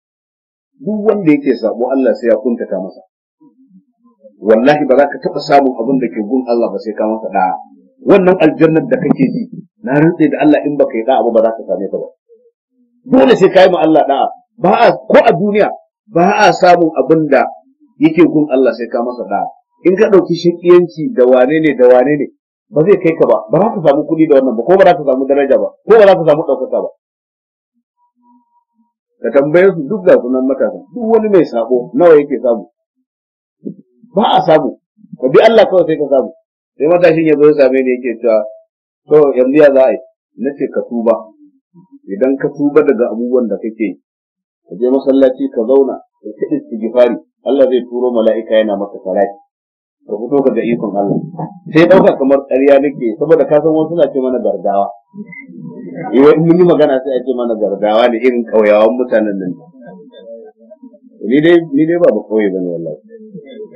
duk wanda yake sabo Allah sai ya kuntata masa wallahi ba za ka taɓa samun abin da ke gun Allah ba sai ka masa da'a wannan aljannar da kake ji na rantse da Allah in baka yi da'a ba ba za ka same ka ba dole sai ka yi ma Allah da'a ba a ko a duniya ba a samun abin da yake gun Allah sai ka masa da'a in ka ɗauki shakiyanci da wane ne da wane ne ba zai kai ka ba ba za ka samu kuɗi da wannan ba ko ba za ka samu daraja ba ko ba za ka samu ɗaukaka ba da tambayar su duk ga sunan matasa duk wani mai sabo nawa yake samu ba a samu ka bi Allah kawai sai ka samu sai matashin ya zo ya same ni yake cewa to yanzu ya za a yi na ce ka tuba idan ka tuba daga abubuwan da kake yi ka je masallaci ka zauna ka ci istighfari Allah zai turo mala'ika yana maka salati ka fito ka ga ikon Allah sai dauka kamar ƙarya nake saboda ka san wasu na ce mana gargawa Eh, mun yi magana sai ake mana gargawa da irin ƙauyawan mutanen nan. Ni dai ni dai ba ba bane wallahi.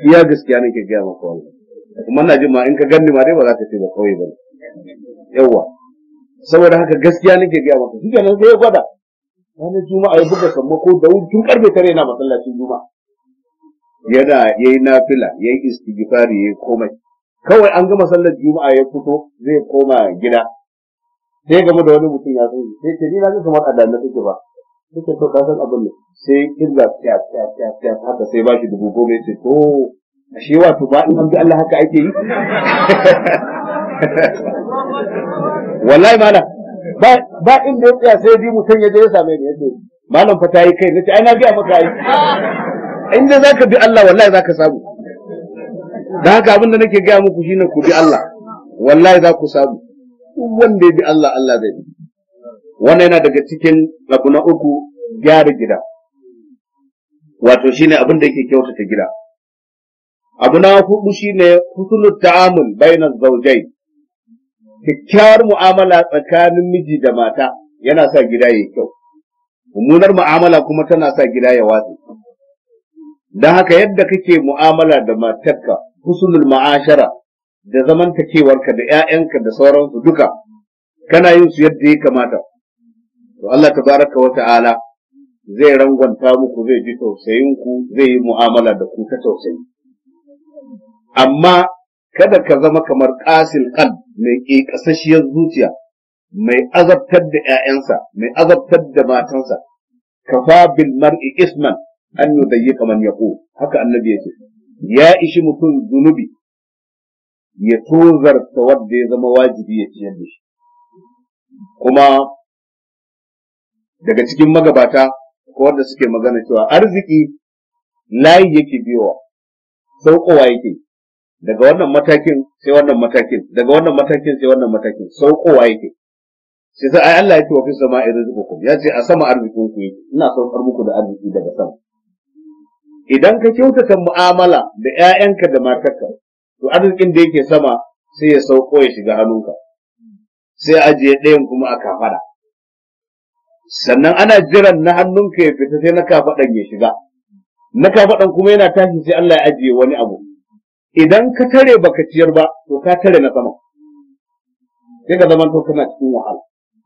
Iya gaskiya nake gaya maka wallahi. Kuma na jin ma in ka ganni ma dai ba za ka ce ba kauye bane. yawa Saboda haka gaskiya nake gaya maka. Shi kenan sai ya gwada. Wannan Juma'a ya buga ko da tun karfe tare yana masallacin Juma'a. Yana yayi nafila, yayi istighfari, yayi komai. Kawai an gama sallar Juma'a ya fito zai koma gida. sai game da wani mutum ya san shi sai ce ni na ji kamar adana take ba take to ka san abin ne sai kirga ta ta ta ta haka sai ba shi dubu goma yace to ashe wato ba in an bi Allah haka ake yi wallahi mana ba ba in da ya sai bi mutum ya je ya same ni yace malam fa tayi kai nace ai na biya maka ai in dai zaka bi Allah wallahi zaka samu da haka abin da nake gaya muku shine ku bi Allah wallahi za ku samu wanda ya bi Allah Allah zai bi wannan yana daga cikin abu na uku gyara gida wato shine abin da yake kyautata gida abu na hudu shine husnul ta'amul bainaz zawjayn kyakkyawar mu'amala tsakanin miji da mata yana sa gida yayi kyau mummunar mu'amala kuma tana sa gida ya watsi don haka yadda kake mu'amala da matarka husnul ma'ashara da zamantakewarka da ‘ya'yanka da sauransu duka, kana yin su yadda ya kamata. To Allah ta baraka wa ta'ala zai rangwanta muku zai ji tausayinku zai yi mu'amala da ku ta tausayi. Amma kada ka zama kamar ƙasil ƙal mai ƙasashiyar zuciya, mai azabtar da ‘ya'yansa, mai azabtar da matansa, kafa bil mar'i isman an yi man yaqu haka annabi ce. ya ishi mutum zunubi ya tozarta wadda ya zama wajibi ya ciyar da shi kuma daga cikin magabata ko wadda suke magana cewa arziki layi yake biyowa saukowa yake daga wannan matakin sai wannan matakin daga wannan matakin sai wannan matakin saukowa yake sai sai Allah ya ce wa fi sama irzikukum ya ce a sama arzikin ku yake ina saukar muku da arziki daga sama idan ka kyautata mu'amala da ƴaƴanka da matarka to arzikin da yake sama sai ya sauko ya shiga hannunka sai ajiye ɗayan kuma a kafada sannan ana jiran na hannunka ya fita sai na kafadan ya shiga na kafadan kuma yana tashi sai Allah ya ajiye wani abu idan ka tare baka ciyar ba to ka tare na sama sai ka zama to kana cikin wahala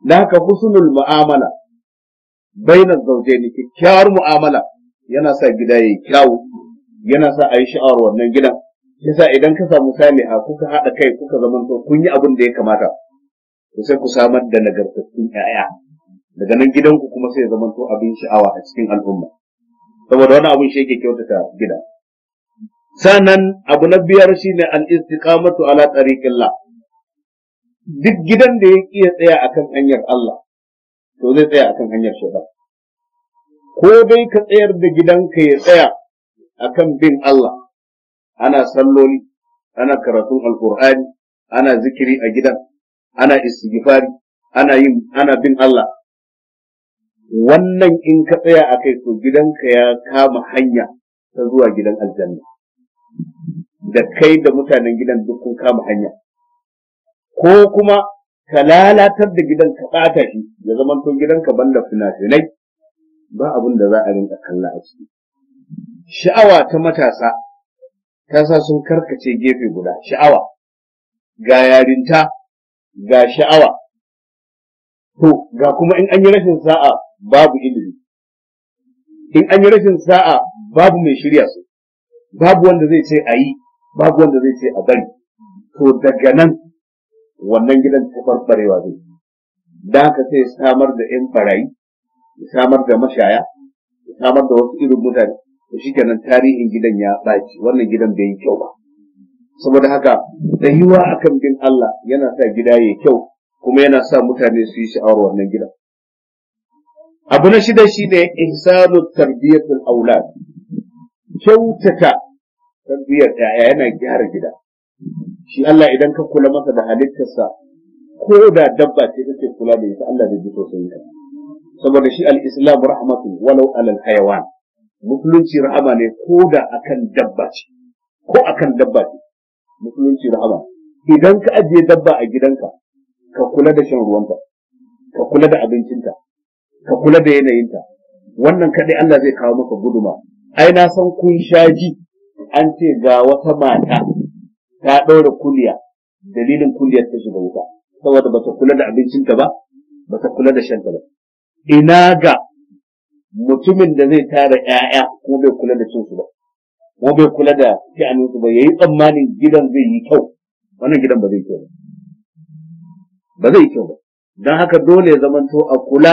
da haka husnul mu'amala baina zawjaini kyakkyawar mu'amala yana sa gida yayi kyawu yana sa a yi sha'awar wannan gidan yasa idan ka samu saliha kuka haɗa kai kuka zamanto kun yi abin da ya kamata to sai ku samar da nagartattun ƴaƴa daga nan gidanku kuma sai ya zamanto abin sha'awa a cikin al'umma saboda wani abin shi yake kyautata gida sannan abu na biyar shine al-istiqamatu ala tariqillah duk gidan da ya iya tsaya akan hanyar Allah to zai tsaya akan hanyar shaitan ko dai ka tsayar da gidanka ya tsaya akan bin Allah ana salloli ana karatun alkur'ani ana zikiri a gidan ana istighfari ana yin ana bin Allah wannan in ka tsaya a kai to gidanka ya kama hanya ta zuwa gidan aljanna da kai da mutanen gidan duk kun kama hanya ko kuma ka lalatar da gidan ka ɓata shi ya zama to gidanka banda fina-finai ba abin da za a rinka kalla a ciki sha'awa ta matasa kasa sun karkace gefe guda sha'awa ga yarinta ga sha'awa to ga kuma in an yi rashin sa'a babu ilimi in an yi rashin sa'a babu mai shirya su babu wanda zai ce a yi babu wanda zai ce a bari to daga nan wannan gidan tafarbarewa zai da ka sai samar da yan barayi samar da mashaya samar da wasu irin mutane to shikenan tarihin gidan ya ɓaci wannan gidan bai yi kyau ba saboda haka rayuwa akan bin Allah yana sa gida yayi kyau kuma yana sa mutane su yi sha'awar wannan gidan abu na shida shine ihsanu tarbiyatul aulad kyautata tarbiyyar yaya yana gyara gida shi Allah idan ka kula masa da halittarsa ko da dabba ce take kula da ita Allah da ji sosai saboda shi al-islam rahmatun, walau alal hayawan musulunci rahama ne ko da akan dabba ce ko akan dabba ce musulunci rahama idan ka ajiye dabba a gidanka ka kula da shan ruwanta ka kula da abincinta ka kula da yanayinta wannan kaɗai Allah zai kawo maka guduma ai na san kun sha ji an ce ga wata mata ta ɗaura kuliya dalilin kuliyar ta shiga wuta saboda ba ta kula da abincinta ba ba ta kula da shanta ba ina ga mutumin da zai tara ‘ya'ya ko bai kula da cinsu ba, ko bai kula da su ba, ya yi tsammanin gidan zai yi kyau, wannan gidan ba zai kyau ba. Ba zai kyau ba. Don haka dole ya zamanto a kula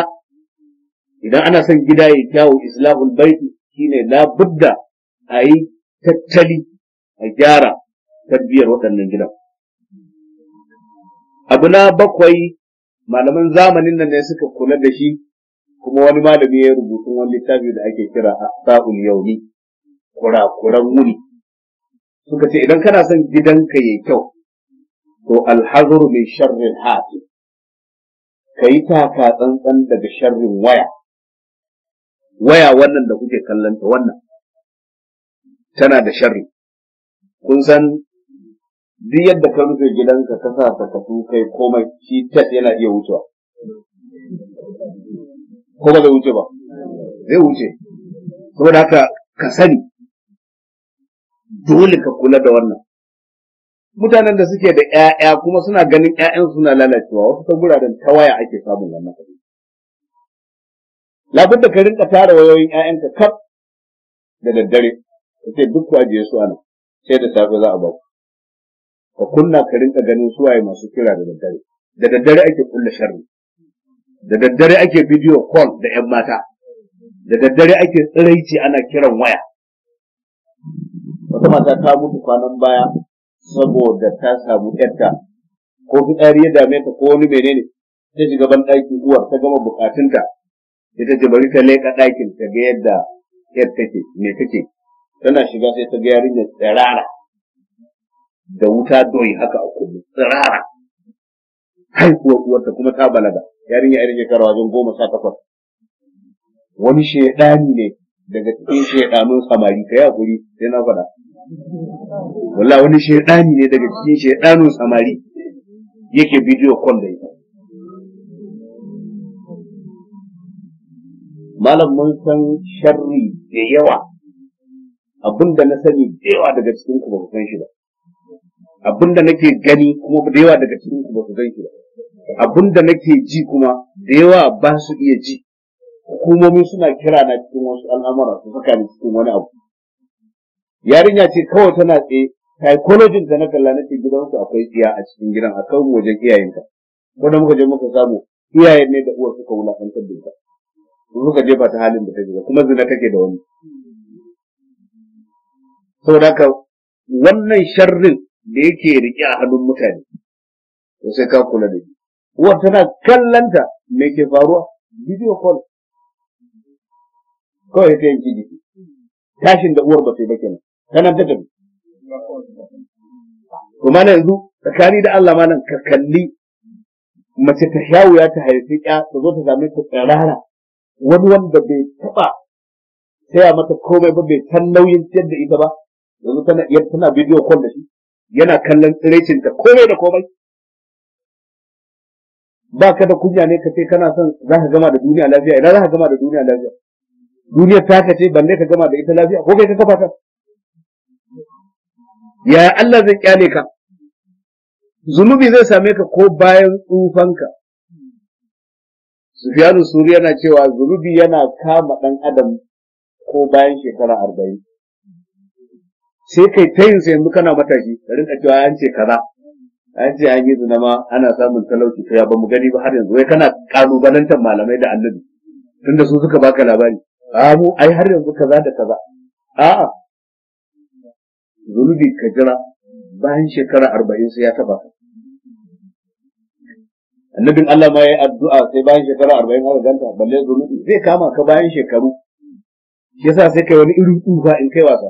idan ana son gida ya kyawu islahul baiti shine labudda a yi tattali a gyara tarbiyyar waɗannan gidan. Abu na bakwai malaman zamanin nan ne suka kula da shi kuma wani malami ya rubutu wani littafi da ake kira asabul yauni kurakuran wuri suka ce idan kana son gidanka yayi kyau to alhazur min sharrin hati kai taka tsantsan daga sharrin waya waya wannan da kuke kallon wannan tana da sharri kun san duk yadda ka rufe gidanka ka sa takatu kai komai shi tas yana iya wucewa ko ba zai wuce ba zai wuce saboda haka ka sani dole ka kula da wannan mutanen da suke da ƴaƴa kuma suna ganin ƴaƴan suna lalacewa wasu ta guraren ta waya ake samun wannan abin ka rinka tara wayoyin ƴaƴanka kaf da daddare ka ce duk ku ajiye su ana sai da safe za a ba ku ka kunna ka rinka ganin suwaye masu kira da daddare da daddare ake kulle sharri da daddare ake bidiyo call da 'yan mata da daddare ake tsiraici ana kiran waya wata mata ta mutu kwanan baya saboda ta samu yarta ko fitsari ya dame ta ko wani menene ta shiga gaban ɗaki uwar ta gama bukatunta ita ce bari ta leƙa ɗakin ta ga yadda yar take me take tana shiga sai ta ga yarinya tsirara da wuta doyi haka a kullum tsirara haihuwar uwarta kuma ta balaga yarinya irin shekara wajen goma sha takwas wani shaidani ne daga cikin shaidanun samari ka yakuri sai na faɗa wallahi wani shaidani ne daga cikin shaidanun samari yake bidiyo kon da ita malam mun san sharri da yawa abinda na sani da yawa daga cikin ku ba ku san shi ba abinda nake gani kuma da yawa daga cikin ku ba ku san shi ba abin da nake ji kuma da yawa ba su iya ji hukumomi suna kira na cikin wasu al'amura su saka ni cikin wani abu yarinya ce kawai tana tsaye psychology da na kalla nake gidansu akwai tsiya a cikin gidan a kan wajen iyayenta ko da muka je muka samu iyayen ne da uwar suka wulakantar da ita suka jefa ta halin da ta shiga kuma zina take da wani saboda haka wannan sharrin da yake rike a hannun mutane sai ka kula da shi uwar tana kallanta me ke faruwa video call kawai ta yanki jiki tashin da uwar ba ta yi ba kenan tana ta tafi kuma na yanzu tsakani da Allah ma nan ka kalli mace ta ya ta haifi ya ta zo ta same ta tsarara wani wanda bai taba saya mata komai ba bai san nauyin ciyar da ita ba yanzu tana tana bidiyo call da shi yana kallon ta komai da komai ba ka da kunya ne ka ce kana son za ka gama da duniya lafiya idan za ka gama da duniya lafiya duniyar ta ka ce balle ka gama da ita lafiya ko kai ka kafa ta yaya Allah zai kyale ka zunubi zai same ka ko bayan tsufanka Sufiyanu Suri yana cewa zunubi yana kama ɗan adam ko bayan shekara arba'in sai kai ta yin yanzu kana matashi ka rinka cewa an ce kaza an ce an yi zina ma ana samun talauci to ya ba mu gani ba har yanzu wai kana kalubalantar malamai da annabi tunda su suka baka labari a mu ai har yanzu kaza da kaza a'a zunubi ka jira bayan shekara arba'in sai ya taba annabin Allah ma ya yi addu'a sai bayan shekara arba'in aka ganta balle zunubi zai kama ka bayan shekaru shi yasa sai kai wani irin tsufa in kai wasa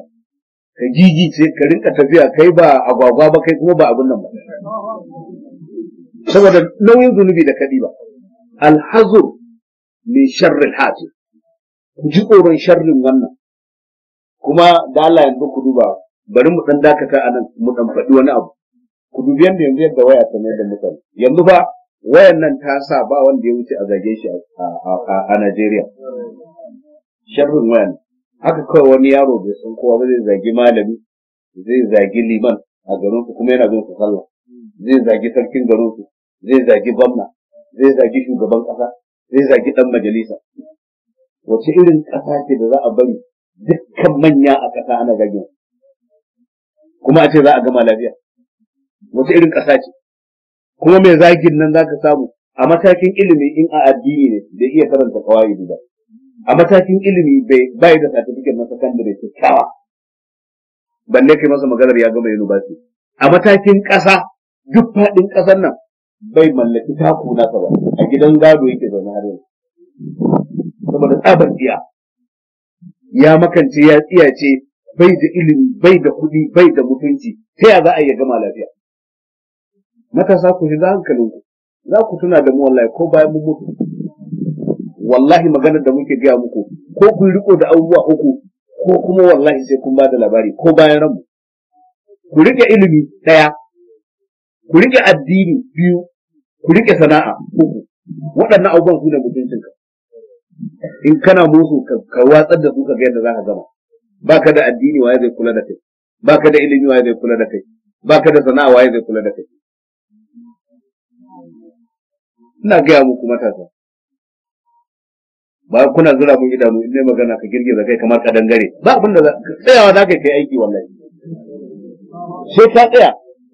ka ce ka rinka tafiya kai ba agwagwa ba kai kuma ba abin nan ba saboda nauyin zunubi da kaɗi ba alhazur min sharrin hazir ku ji tsoron sharrin wannan kuma da Allah yanzu ku duba bari mu dan dakata anan mu dan faɗi wani abu ku dubi yanda yanzu yadda waya ta mai da mutane yanzu fa wayan nan ta sa ba wanda ya wuce a zage shi a Najeriya sharrin wayan haka kawai wani yaro bai san kowa ba zai zagi malami zai zagi liman a garin su kuma yana bin su sallah zai zagi sarkin garin su zai zagi gwamna zai zagi shugaban kasa zai zagi dan majalisa wace irin kasa ce da za a bari dukkan manya a kasa ana zagin kuma a ce za a gama lafiya wace irin kasa ce kuma mai zagin nan za ka samu a matakin ilimi in a addini ne da iya karanta kawai ba a matakin ilimi bai bai da certificate na secondary kyakkyawa balle kai masa maganar ya gama university a matakin ƙasa duk faɗin ƙasar nan bai mallaki taku na ba a gidan gado yake zaune har yanzu saboda tsabar iya ya makance ya tsiya ce bai da ilimi bai da kuɗi bai da mutunci ta ya za a iya gama lafiya matasa ku za hankalinku za ku tuna da mu wallahi ko bayan mu mutu wallahi maganar da muke gaya muku ko kun riko da abubuwa uku ko kuma wallahi sai kun bada labari ko bayan ranmu ku rike ilimi ɗaya ku rike addini biyu ku rike sana'a uku waɗannan abubuwan su ne ka, in kana musu ka watsar da su ka ga yadda za ka gama baka da addini waye zai kula da kai baka da ilimi waye zai kula da kai baka da sana'a waye zai kula da kai ina gaya muku matasa ba kuna zura mun idanu in magana ka girgiza kai kamar ka dangare ba abin da tsayawa za ka kai aiki wallahi sai ka tsaya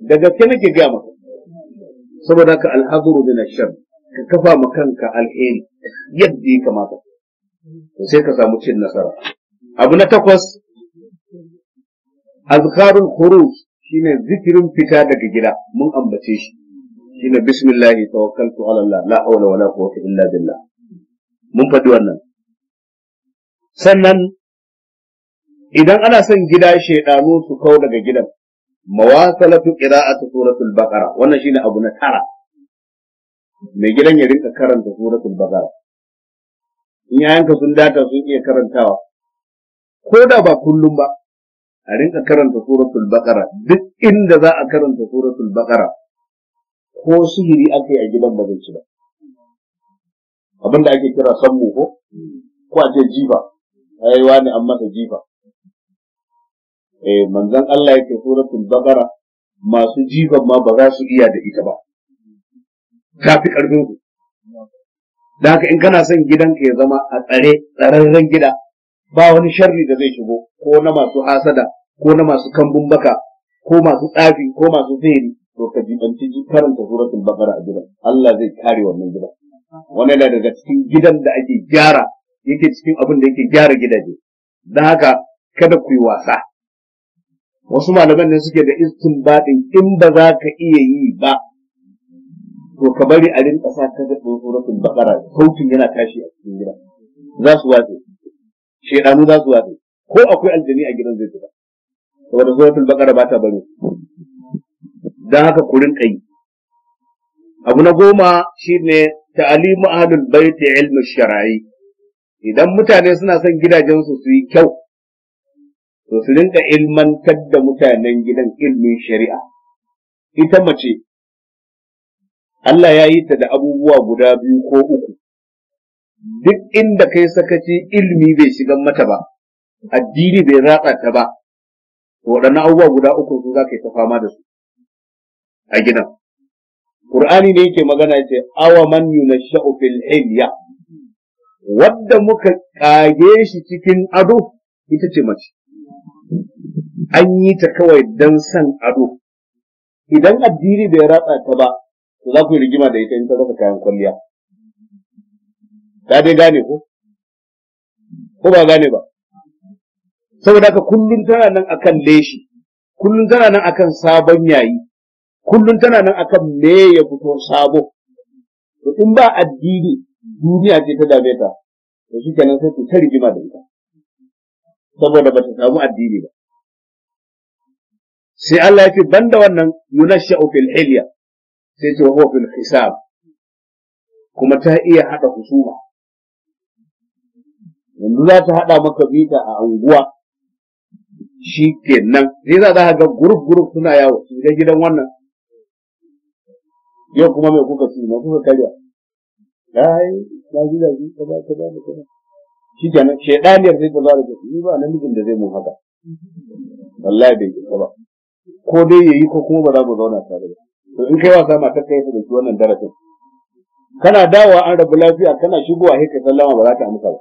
da gaske nake gaya maka saboda ka alhazuru min ashar ka kafa ma kanka alheri yadda ya kamata to sai ka samu cin nasara abu na takwas azkarul khuruj shine zikirin fita daga gida mun ambace shi shine bismillah tawakkaltu ala allah la hawla wala quwwata illa billah mun faɗi wannan sannan idan ana son gida shaidanu su kau daga gidan mawasalatu qira'atu suratul baqara wannan shine abu na tara mai gidan ya rinka karanta suratul baqara in yayanka sun data sun iya karantawa ko da ba kullum ba a rinka karanta suratul baqara duk inda za a karanta suratul baqara ko sihiri aka yi a gidan ba zai ci ba abin da ake kira sammu ko ko a ce jifa ai wani an masa jifa eh manzon Allah yake suratul baqara masu jifan ma ba za su iya da ita ba ta fi karfin ku da haka in kana son gidanka ya zama a tsare tsararren gida ba wani sharri da zai shigo ko na masu hasada ko na masu kambun baka ko masu tsafi ko masu tsiri to ka jibanci karanta suratul baqara a gidan Allah zai kare wannan gidan wani na daga cikin gidan da ake gyara yake cikin abin da yake gyara gidaje don haka kada ku yi wasa wasu malaman ne suke da baɗin in ba za ka iya yi ba to ka bari a rinka sa ka ga tsoron bakara sautin yana tashi a cikin gida za su watse shedanu za su watse ko akwai aljani a gidan zai fita saboda suratul bakara ba ta bari don haka ku rinka yi abu na goma shi ne. ta'alimu ahlul baiti ilmi shar'i idan mutane suna son gidajensu su yi kyau to su rinka ilmantar da mutanen gidan ilmin shari'a ita mace Allah ya yi ta da abubuwa guda biyu ko uku duk inda kai sakaci ilmi bai shiga mata ba addini bai ratsa ta ba waɗannan abubuwa guda uku su za ka yi ta fama da su a gidan Qur'ani ne yake magana ce awa man na fil hilya wadda muka kage shi cikin ado ita ce mace an yi ta kawai dan san ado idan addini bai ratsa ta ba to za ku yi rigima da ita in ta saka kayan kwalliya ta dai gane ko ko ba gane ba saboda haka kullum tana nan akan leshi kullum tana nan akan sabon yayi kullum tana nan akan me ya fito sabo to in ba addini duniya ce ta dame ta to shi kenan sai ta jima da ita saboda ba ta samu addini ba sai Allah ya ce banda wannan sha'u fil hilya sai ce wa huwa fil hisab kuma ta iya haɗa husuma yanzu za ta hada maka bita a unguwa. shi kenan sai za ka ga gurup gurup suna yawo su gidan wannan yau kuma mai kuka su na kuka karya ai na ji da ji ka ba ka ba ka ba shi kenan shedaniyar zai tsara da ni ba namijin da zai mun haka wallahi bai ta ba ko dai yayi ko kuma ba za mu zauna tare ba to in kai wasa ma ta kai da wannan darasin kana dawowa an rabu lafiya kana shigowa sai sallama ba za ta amsa ba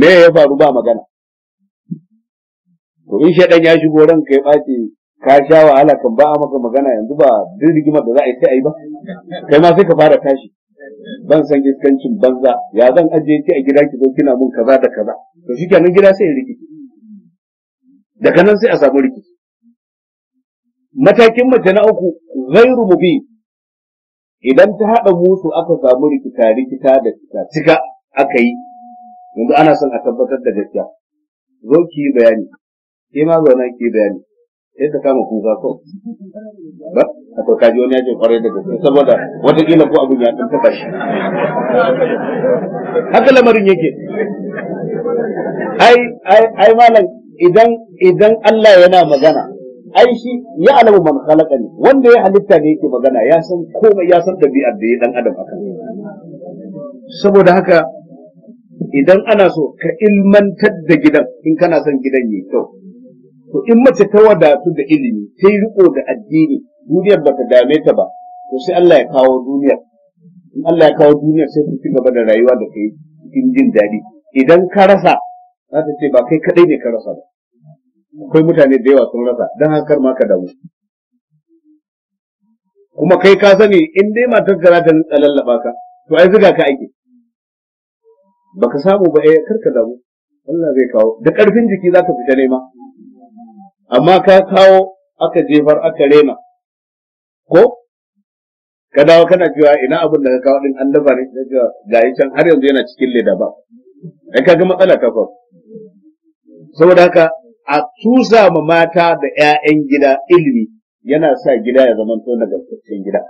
me ya faru ba magana to in shedan ya shigo ranka ya ɓace ka sha wahala kan ba a maka magana yanzu ba duk rigimar da za a yi sai yi ba kai ma sai ka fara tashi ban san iskancin banza ya zan ajiye ki a gida ki zo kina mun kaza da kaza to shikenan gida sai ya rikici daga nan sai a samu rikici matakin mace na uku ghairu mubi idan ta haɗa musu aka samu rikita rikita da cika cika aka yi yanzu ana son a tabbatar da gaskiya zo ki bayani ke ma zauna ki bayani ka eh, kama kuka ko ba a to kaji wani yace kwarai da gaske saboda watakila ko abin ya dan taba shi haka lamarin yake ai ai ai malam idan idan Allah yana magana ai shi ya alamu man khalaqa ne wanda ya halitta ne yake magana ya san komai ya san dabi'ar da ya dan adam akan saboda haka idan ana so ka ilmantar da gidan in kana son gidan yayi kyau to in mace ta wadatu da ilimi ta yi riko da addini duniyar ba ta dame ta ba to sai Allah ya kawo duniyar in Allah ya kawo duniyar sai ta ci gaba da rayuwa da kai cikin jin daɗi idan ka rasa za ta ce ba kai kaɗai ne ka rasa ba akwai mutane da yawa sun rasa don hankar ma ka damu kuma kai ka sani in dai matar ka za ta nutsa lallaba ka to ai zuga ka ake baka samu ba eh kar ka damu Allah zai kawo da ƙarfin jiki za ka fita nema amma ka kawo aka jefar aka rena ko ka dawo kana cewa ina abin da ka kawo din an dafa ne ga yi can har yanzu yana cikin leda ba ai ka ga matsala ka faru saboda haka a tusa ma mata da 'ya'yan gida ilimi yana sa gida ya zama to gaskiyar gida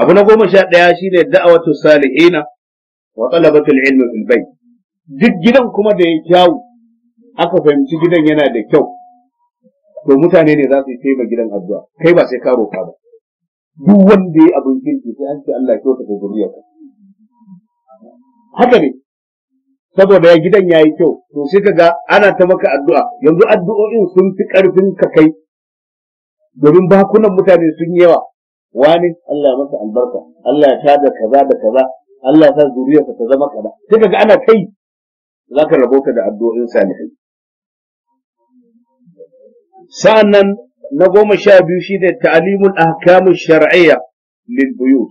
abu na goma sha ɗaya shine da'awatu salihina wa talabatul ilmi fil bayt duk gidan kuma da ya kyau, aka fahimci gidan yana da kyau to mutane ne za su yi ma gidan addu'a kai ba sai ka roƙa ba duk wanda ya abin kirki sai an ce Allah ya kyauta zuriyarka haka ne saboda ya gidan ya yi kyau to sai ka ga ana ta maka addu'a yanzu addu'o'in sun fi karfin ka kai domin bakunan mutane sun yawa wani Allah masa albarka Allah ya tada kaza da kaza Allah ya sa zuriyarka ta zama kaza sai ka ana kai za ka da addu'o'in salihai sa'annan na goma sha biyu shine ta'limul ahkamu shar'iyya lil buyut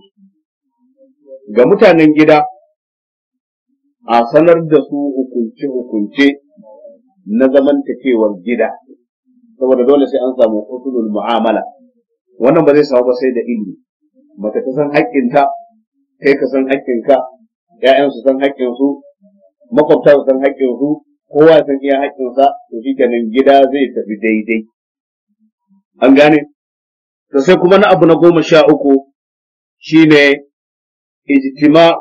ga mutanen gida a sanar da su hukunce hukunce na zamantakewar gida saboda dole sai an samu usulul mu'amala wannan ba zai samu ba sai da ilimi mace ta san haƙƙinta kai ka san haƙƙinka ƴaƴan san haƙƙinsu makwabta su san haƙƙinsu kowa ya san iya haƙƙinsa to shi kenan gida zai tafi daidai an gane to sai kuma na abu na goma sha uku shi shine ijtima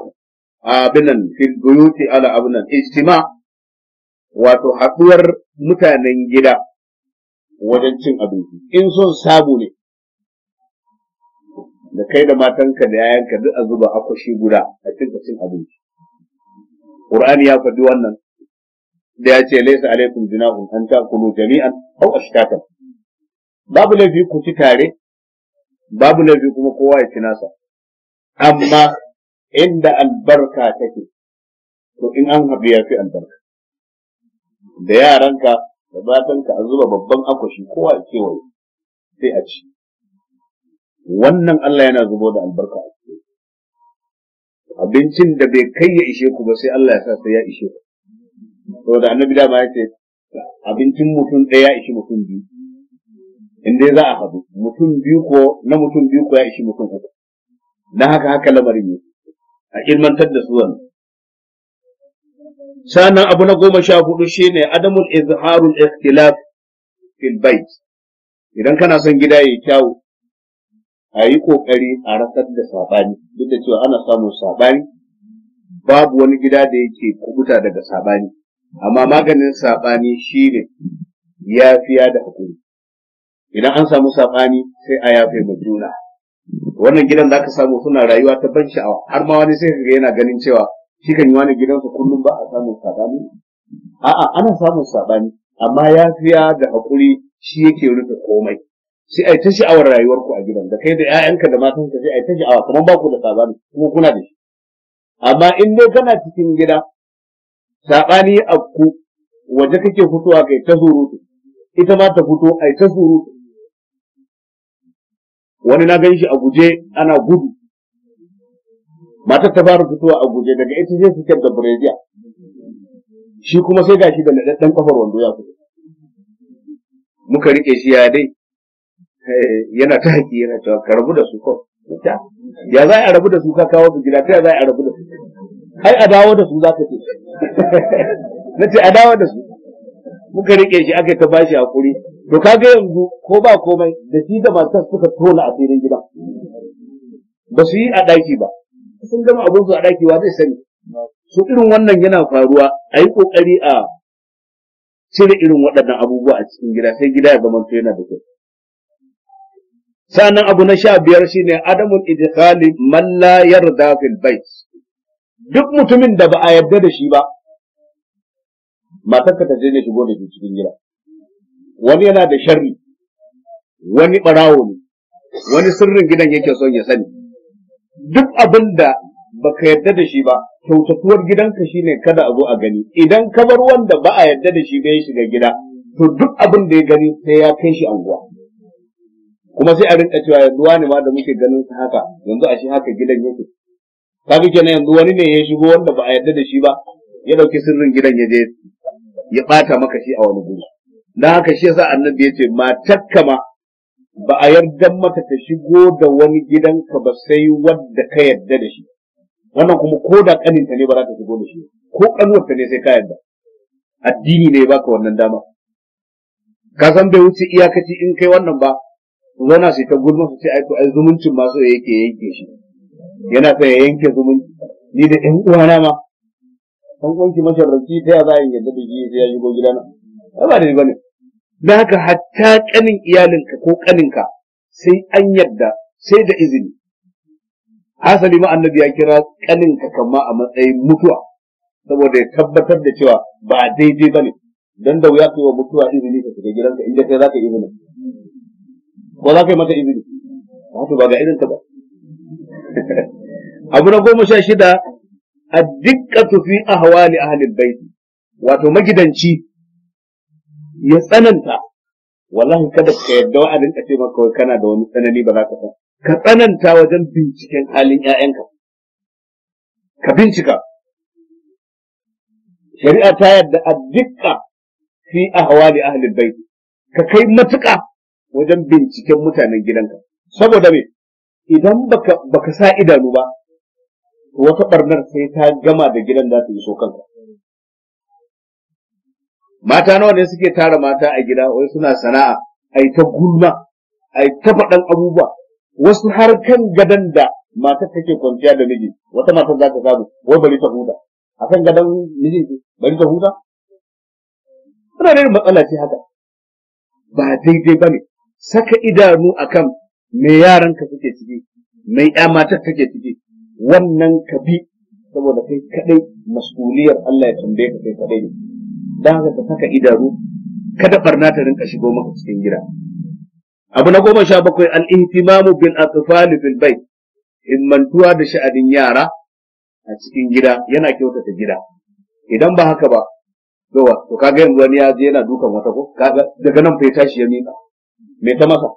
abinan fil buyuti ala abinan ijtima wato haɗuwar mutanen gida wajen cin abinci in son samu ne da kai da matanka da yayanka duk a zuba akwashi guda a cin cin abinci Ƙur'ani ya faɗi wannan da ya ce laisa alaikum junahun an ta'kulu jami'an aw ashtatan babu laifi ku ci tare babu laifi kuma kowa ya ci nasa amma inda albarka take to in an haɗu ya fi albarka da yaranka da batanka a zuba babban akwashi kowa ya kewaye sai a ci wannan Allah yana zubo da albarka a cikin abincin da bai kai ya ishe ku ba sai Allah ya sa sai ya ishe ku saboda annabi da ma yace abincin mutum ɗaya ya ishi mutum biyu in dai za a haɗu mutum biyu ko na mutum biyu ko ya ishi mutum uku Na haka haka lamarin ne a ilmantar da su wannan sannan abu na goma sha hudu shine adamul izharul ikhtilaf fil bait idan kana son gida yayi kyau a yi kokari a rasar da sabani duk da cewa ana samun sabani babu wani gida da yake kubuta daga sabani amma maganin saɓani shi ne yafiya da haƙuri. idan an samu saɓani sai a yafe ma juna wannan gidan za ka samu suna rayuwa ta ban sha'awa har ma wani sai kaga yana ganin cewa shi kan yi wani gidansa kullum ba a samun saɓani a'a ana samun saɓani amma yafiya da haƙuri shi yake rufe komai sai a yi ta sha'awar rayuwarku a gidan da kai da ƴaƴanka da matanka sai a yi ta sha'awa kuma ba ku da saɓani kuma kuna da shi amma in dai kana cikin gida sabani akku waje kake fitowa kai ta surutu ita ma ta fito ai ta surutu wani na gan shi a guje ana gudu matar ta fara fitowa a guje daga ita sai su da Brazil shi kuma sai gashi da nadaddan kafar wando ya fito muka rike shi ya dai eh, yana ta haƙi yana ta rabu da su ko, ya za a rabu da su ka kawo su gida ta za a rabu da ai a dawo da su za ka ce na ce a dawo da su muka rike shi aka ta bashi hakuri to kaga yanzu ko ba komai da shi da matar suka tona a asirin gida ba su yi a ɗaki ba sun gama abin su a ɗaki wa zai sani su irin wannan yana faruwa a yi ƙoƙari a cire irin waɗannan abubuwa a cikin gida sai gida ya zama yana da kyau Sannan abu na sha biyar shine adamul idkhali man la yarda fil bait duk mutumin da ba a yarda da shi ba matarka ta je ne shigo da cikin gida wani yana da sharri wani barawo ne wani sirrin gidan yake son ya sani duk abin da baka yarda da shi ba kyautatuwar gidanka shine kada a zo a gani idan ka bar wanda ba a yarda da shi ba ya shiga gida to duk abin da ya gani sai ya kai shi anguwa kuma sai a rinka cewa yanzu wani ma da muke ganin haka yanzu a shi haka gidan yake kaga kenan yanzu wani ne ya shigo wanda ba a yarda da shi ba ya dauki sirrin gidan ya je ya bata maka shi a wani guri dan haka shi yasa annabi ya ce matakka ma ba a yarda maka ta shigo da wani gidanka ba sai wadda ka yarda da shi wannan kuma ko da kaninta ne ba za ta shigo da shi ko kanuwarta ne sai ka yarda addini ne baka wannan dama ka san bai wuce iyakaci in kai wannan ba zana sai ta gulma su ce ai to ai zumuncin ma so yake yanke shi yana tsaye ya yanke zumunci ni da ɗan uwana ma an kunki masharraci ta ya za a yadda da sai ya shigo gidana ba da bane da haka hatta kanin iyalinka ko kaninka sai an yadda sai da izini hasali ma annabi ya kira kaninka kama a matsayin mutuwa saboda ya tabbatar da cewa ba daidai bane dan da wuya kai wa mutuwa izini ka shiga gidanka inda kai zaka izini ko zaka yi mata izini wato ba ga irin ka ba abu na goma sha shida addiqqatu ne a halin albayt wato magidanci ya tsananta wallahi kada ka yadda wa rinka ce maka kawai kana da wani tsanani ba za ka san ka tsananta wajen binciken halin 'ya'yanka, ka bincika shari'a ta yadda a dukkan fi a halin albayt ka kai matuka wajen binciken mutanen gidanka saboda me idan baka sa idanu ba wata barnar sai ta gama da gidan za ta yi so kanka mata nawa ne suke tara mata a gida wai suna sana'a ai ta gulma ai ta faɗan abubuwa wasu har kan gadon da mata take kwanciya da miji wata mata za ta samu wai bari ta huta kan gadon miji bari ta huta Suna da matsala ce haka ba daidai ba ne saka idanu akan me yaran ka suke ciki me ya matar take ciki wannan ka bi saboda kai kadai mas'uliyar Allah ya tambaye ka kai kadai ne dan haka ka saka idanu kada barna ta rinka shigo maka cikin gida abu na goma sha bakwai al-ihtimamu bil atfal bil bait mantuwa da sha'anin yara a cikin gida yana kyautata gida idan ba haka ba yawa to kaga yanzu wani ya je yana dukan wata ko kaga daga nan fa ya tashi ya mika, me ta masa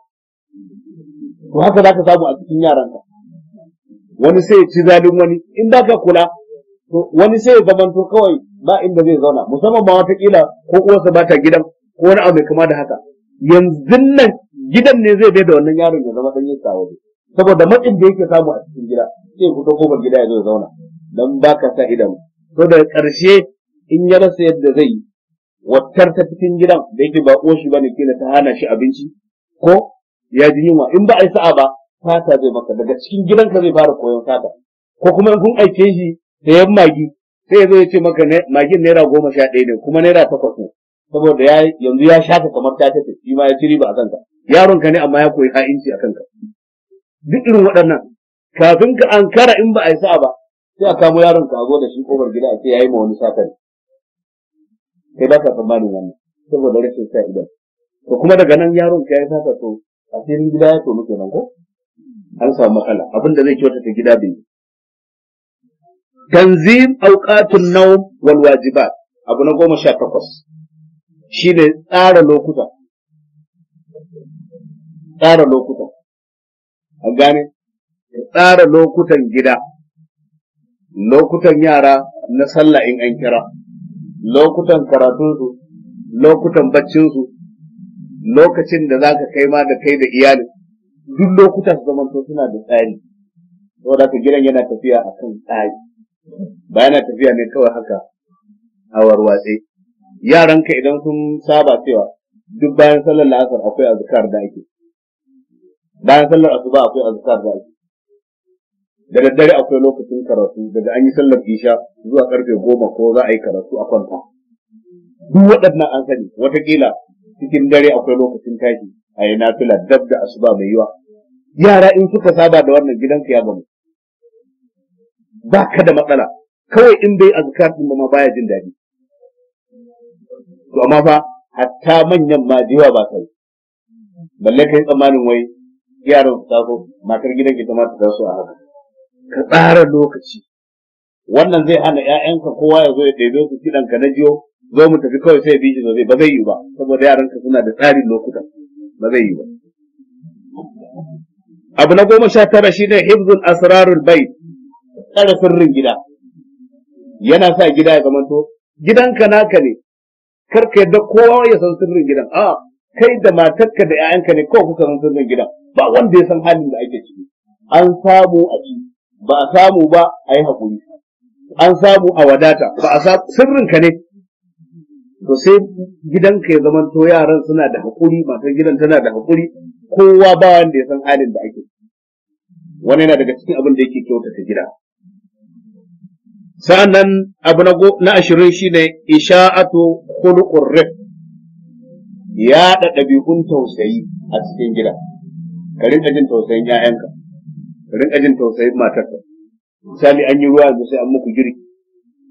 to haka za ka samu a cikin yaranka wani sai ya ci zalin wani in ba ka kula wani sai ya zamanto kawai ba inda zai zauna musamman ma watakila ko uwarsa ba ta gidan ko wani abu mai kama da haka yanzu nan gidan ne zai bai da wannan yaron ya zama ɗanyen sa waje saboda matsin da yake samu a cikin gida sai ya fito gida ya zo zauna dan ba ka sa to daga karshe in ya rasa yadda zai yi wattar ta cikin gidan da yake ba shi bane kila ta hana shi abinci ko ya ji yunwa in ba a yi sa'a ba fata zai maka daga cikin gidanka zai fara koyon sata ko kuma in kun aike shi yan magi sai zai ya ce maka magin naira goma sha ɗaya ne kuma naira takwas ne saboda ya yanzu ya shafa kamar ta tafi shi ma ya ci riba a kanka yaron ka ne amma ya koyi ha'inci a kanka duk irin waɗannan kafin ka kara in ba a yi sa'a ba sai a kamo yaron ka a zo da shi kofar gida a ce ya yi ma wani satan kai ba ka tsammanin wannan saboda rashin sa idan ko kuma daga nan yaron ka ya ka so. asirin gida ya tono kenan ko an samu matsala abin da zai kyautata gida bai tanzim auqatun naw wal wajibat abu na goma sha takwas shine tsara lokuta tsara lokuta an gane tsara lokutan gida lokutan yara na sallah in an kira lokutan karatunsu lokutan baccinsu lokacin da zaka kai ma da kai da iyali duk lokuta su zamanto suna da tsari saboda ka gidan yana tafiya akan tsari ba yana tafiya ne kawai haka a warwatse yaranka idan sun saba cewa duk bayan sallar la'asar akwai azkar da ake bayan sallar asuba akwai azkar da ake da daddare akwai lokacin karatu daga an yi sallar isha zuwa karfe goma ko za a yi karatu a kwanta duk waɗannan an sani watakila cikin dare akwai lokacin tashi a yi nafila dab da asuba mai yiwa yara in suka saba da wannan gidan gidanka ya gamu baka da matsala kawai in bai azkar din ma baya jin daɗi to amma fa hatta manyan ma jiwa ba kai balle kai tsammanin wai yaran su taso matar gidan ita ma ta taso a haka ka tsara lokaci wannan zai hana 'ya'yanka kowa ya zo ya ɗebe su kiɗanka na jiyo zo mu tafi kawai sai bi zo zai ba zai yi ba saboda yaranka suna da tsarin lokutan ba zai yi ba abu na goma sha tara shine hibzul asrarul bait tsara sirrin gida yana sa gida ya zamanto gidanka naka ne kar ka yadda kowa ya san sirrin gidan a kai da matarka da 'ya'yanka ne kawai kuka san sirrin gidan ba wanda ya san halin da ake ciki an samu a ci ba a samu ba a yi haƙuri an samu a wadata ba a samu ka ne to sai gidanka ya zama to yaran suna da haƙuri matar gidan tana da haƙuri kowa ba wanda ya san halin da ake wani yana daga cikin abin da yake kyautata gida sa'annan abu na na ashirin shine isha'atu khuluqur rif ya da ɗabi'un tausayi a cikin gida ka rinka tausayin 'ya'yanka ka rinka tausayin matarka misali an yi ruwa yanzu sai an muku girki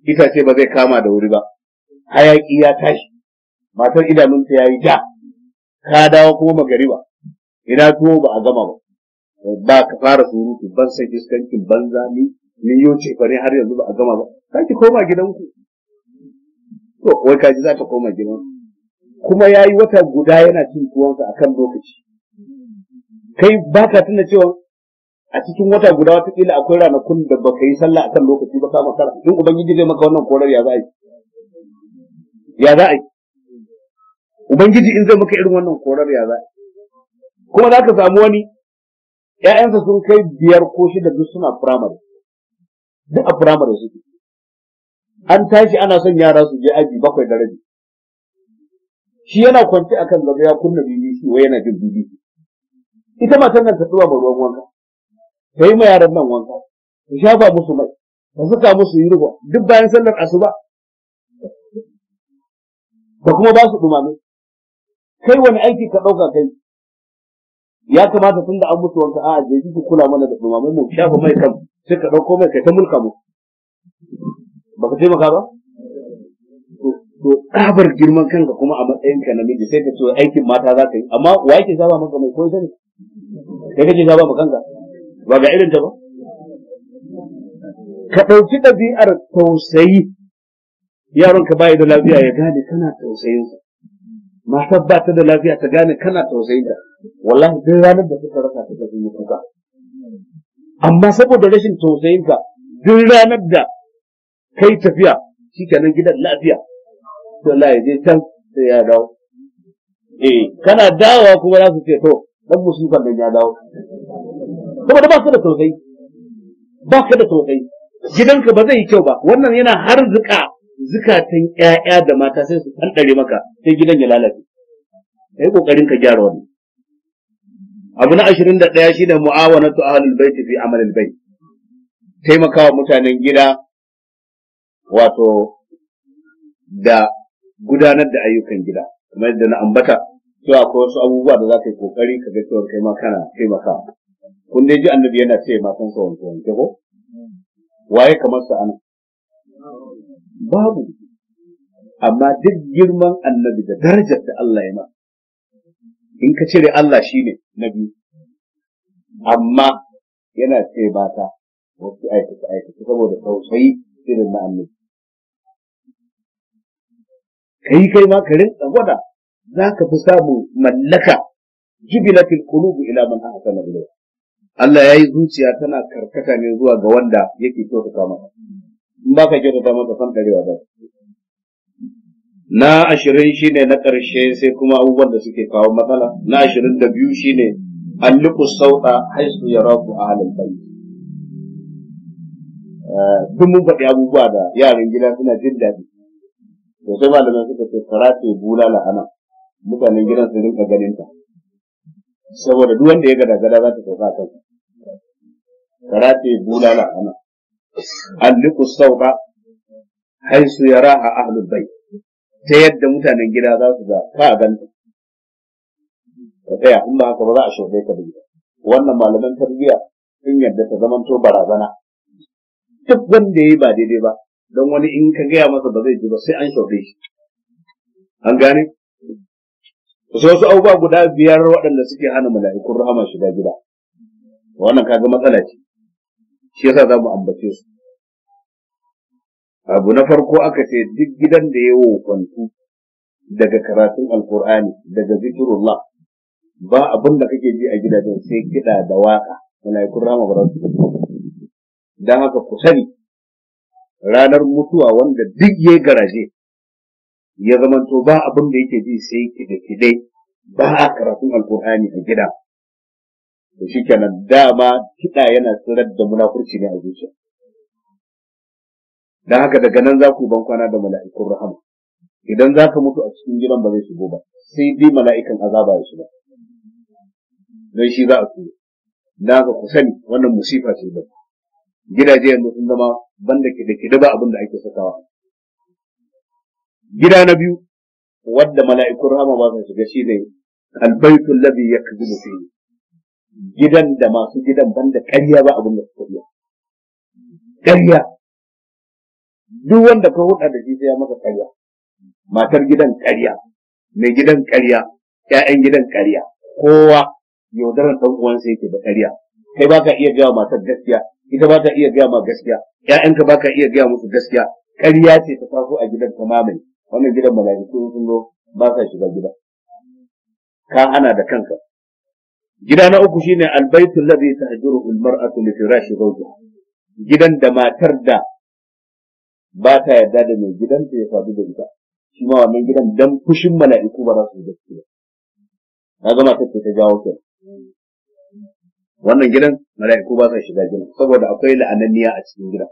itace ba zai kama da wuri ba hayaki ya tashi matar idanunta ya yi ja ka dawo kuma magariba ina tuwo ba a gama ba ba ka fara surutu ban san iskancin banza ni ni yo ce fa ne har yanzu ba a gama ba ka ki koma gidanku to wai ka ji za ta koma gidan kuma ya yi wata guda yana cin tuwonsa a kan lokaci kai ba ka tuna cewa a cikin wata guda wata kila akwai ranakun da baka yi sallah akan lokaci ba ka makara in ubangiji zai maka wannan korar ya za yi ya za a yi ubangiji in zai muka irin wannan korar ya za a kuma za ka samu wani ‘ya'yansa sun kai biyar ko shida duk suna firamare duk a firamare suke an tashi ana son yara su je aji bakwai da rabi shi yana kwanci akan gaba ya kunna BBC wai yana jin BBC ita matan nan ta tsuba ma ruwan wanka ta yi ma yaran nan wanka ta shafa musu mai ta saka musu yurwa duk bayan sallar asuba da kuma ba su dumame kai wani aiki ka ɗauka kai ya kamata tun da an mutu wanka a ajiye ji kula mana da dumamen mu shafa mai kan sai ka ɗauko mai kai ta mulka mu ka taimaka ba to tsabar girman kanka kuma a matsayin ka namiji sai ka ce aikin mata za ka yi amma wa yake saba maka mai ko sani kai kake saba maka kanka ba ga irin ta ba ka ɗauki ɗabi'ar tausayi yaron ka bai da lafiya ya gane kana tausayin sa matar ba ta da lafiya ta gane kana tausayin ta wallahi duk ranar da suka rasa ta ji yi kuka amma saboda rashin tausayin ka duk ranar da kai tafiya shikenan gidan lafiya ya je can sai ya dawo eh kana dawowa kuma za su ce to dan musifar da ya dawo saboda ba su da tausayi ba ka da tausayi gidanka ba zai yi kyau ba wannan yana harzuka zukatan ƴaƴa da mata sai su ɗanɗare maka sai gidan ya lalace kai kokarin ka gyara wannan abu na ashirin da ɗaya shine mu'awanatu ahlul bait fi amalil bait taimakawa mutanen gida wato da gudanar da ayyukan gida kamar yadda na ambata to akwai wasu abubuwa da za ka yi kokari ka ga cewa kai ma kana taimakawa kun dai ji annabi yana ce matan sa wanke wanke ko waye kamar sa ana babu amma duk girman annabi da darajar da Allah ya ma in ka cire Allah shine na biyu amma yana ce ta wasu aikata aikata saboda tausayi irin na annabi kai kai ma ka rinka gwada za ka fi samu mallaka jubilatil qulubu ila man ahsana ilayha Allah yayi zuciya tana karkata ne zuwa ga wanda yake kyautata kama. ba ka kyautata san karewa ba na ashirin shi ne na ƙarshe sai kuma abubuwan da suke kawo matsala na ashirin da biyu shi shine alliku sauɗa haisu ya raku a halin bai tun eh, mun faɗi abubuwa da yaran gida suna jin daɗi to sai malamai suka ce karate bula ana mutanen gidan su rinka ganin ta saboda duk wanda ya gada gada za ta sauka karatu karate bula ana alliku Sauka haisu yaraha ahlul bai. ta yadda mutanen gida za su ga ka ganta ka tsaya in ba haka ba za a shobe ka da wannan malaman tarbiyya sun yadda ta zamanto barazana duk wanda yayi ba daidai ba don wani in ka gaya masa ba zai ji ba sai an shobe shi an gane sai wasu abubuwa guda biyar waɗanda suke hana mala'ikun rahama shiga gida wannan kaga matsala ce shi yasa za mu ambace su abu na farko aka ce duk gidan da ya wofantu daga karatun alkur'ani daga zikirullah ba abin da kake ji a gidajen sai kiɗa da waka mala'ikun rama ba za haka ku sani ranar mutuwa wanda duk ya garaje ya zamanto ba abin da yake ji sai kiɗe-kiɗe, ba a karatun alkur'ani a gida to kenan dama kiɗa yana tsirar da munafurci ne a zuciya Da haka daga nan za ku ban kwana da mala'ikun rahama idan za ka mutu a cikin gidan ba zai shigo ba sai dai mala'ikan azaba ya shiga don shi za a turo na ga ku sani wannan musifa ce ba gidaje yanzu sun zama banda da kiɗe ba abin da ake sakawa gida na biyu wadda mala'ikun rahama ba su shiga shi ne albaitul ladhi yakzubu fihi gidan da masu gidan banda karya ba abin da suka biya ƙarya duk wanda ka da shi sai ya maka karya. matar gidan ƙarya mai gidan karya, 'ya'yan gidan karya, kowa yaudarar ɗan uwansa yake da ƙarya kai ba ka iya gaya matar gaskiya ita ba ta iya gaya ma gaskiya Ya'yanka ba ka iya gaya musu gaskiya ƙarya ce ta taso a gidan ta mamai wannan gidan mala'iku sun zo ba sa shiga gida. ka ana da kanka gida na uku shine albaitul ladhi tahjuruhu almar'atu li firashi zawjiha gidan da matar da ba ta yarda da mai gidan ta ya faɗi da ita shi ma wannan gidan dan fushin mala'iku ba za su da shi na ga matar ta jawo ke wannan gidan mala'iku ba sa shiga gidan saboda akwai la'ananniya a cikin gidan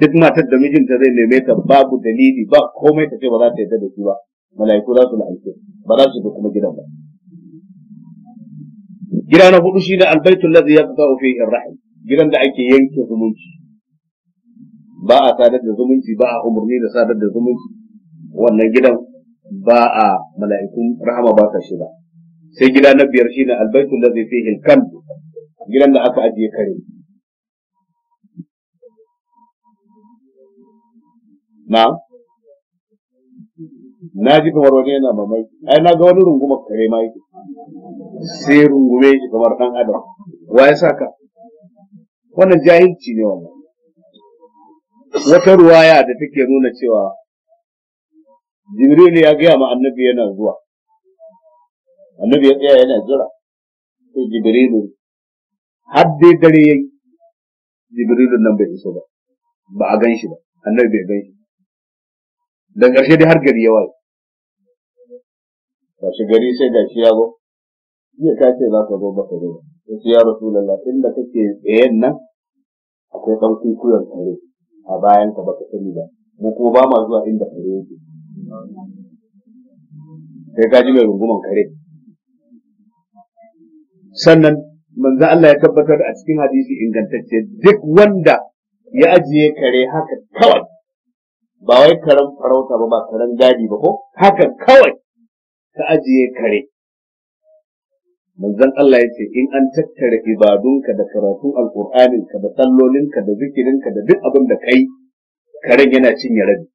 duk matar da mijinta zai neme ta babu dalili ba komai ta ce ba za ta yarda da shi ba mala'iku za su la'ance ba za su bi kuma gidan ba gida na hudu shine albaitul ladzi yaqta'u fihi ar-rahim gidan da ake yanke zumunci ba a sadar da zumunci ba a umarni da sadar da zumunci wannan gidan ba a mala'ikun rahama ba ta shiga sai gida na biyar shine albaitul ladzi fihi al-kan gidan da aka ajiye kare na'am na ji kamar wani yana mamaki ai na ga wani runguma kare ma yake sai rungume shi kamar dan adam wa ya saka wannan jahilci ne wannan wata ruwaya da take nuna cewa jibril ya gaya ma annabi yana zuwa annabi ya tsaya yana jira sai jibril har dai dare yayi jibril nan bai iso ba ba a gan shi ba annabi bai gan shi da ƙarshe dai har gari ya waye ba shi gari sai ga shi yago Iya ka ce za ka zo ba ka zo ba sai ya rasulullah inda kake tsayen nan akwai ɗan kukuyar kare a bayan ka baka sani ba mu ko ba ma zuwa inda kare yake sai ka ji mai runguman kare sannan manzo Allah ya tabbatar a cikin hadisi ingantacce duk wanda ya ajiye kare haka kawai ba wai karen farauta ba ba karen gadi ba ko haka kawai ka ajiye kare manzon Allah ya ce in an tattara ibadunka da karatun ka da sallolinka da zikirinka da duk abin da kai karen yana cinye rabi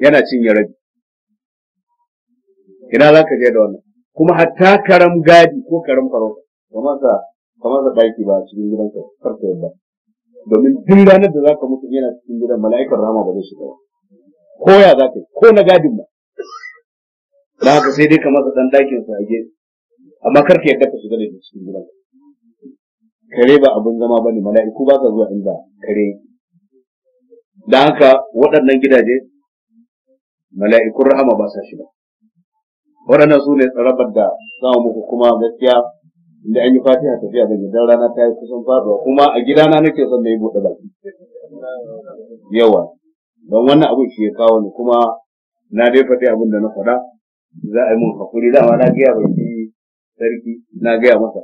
yana cinye rabi ina za ka je da wannan kuma hatta karam gadi ko karam farauta kamar sa kamar sa ɗaki ba cikin gidanka karka yadda domin duk ranar da zaka mutu yana cikin gidan mala'ikar rahama ba zai shiga ba ko ya zaka ko na gadin ba da haka sai dai ka masa dan dakin sa age amma kar ka yadda ka shiga da cikin gidan kare ba abin zama bane mala'iku ba ka zuwa inda kare da haka waɗannan gidaje mala'ikun rahama ba sa shiga waɗannan su ne tsarabar da za mu muku kuma gaskiya inda an yi fatiha tafiya da gidan rana ta yi kusan faduwa kuma a gidana nake son na yi buɗe baki yawa don wannan abin shi ya kawo ni kuma na dai faɗi abin da na faɗa za a yi mun hakuri dama na gaya ba shi sarki na gaya masa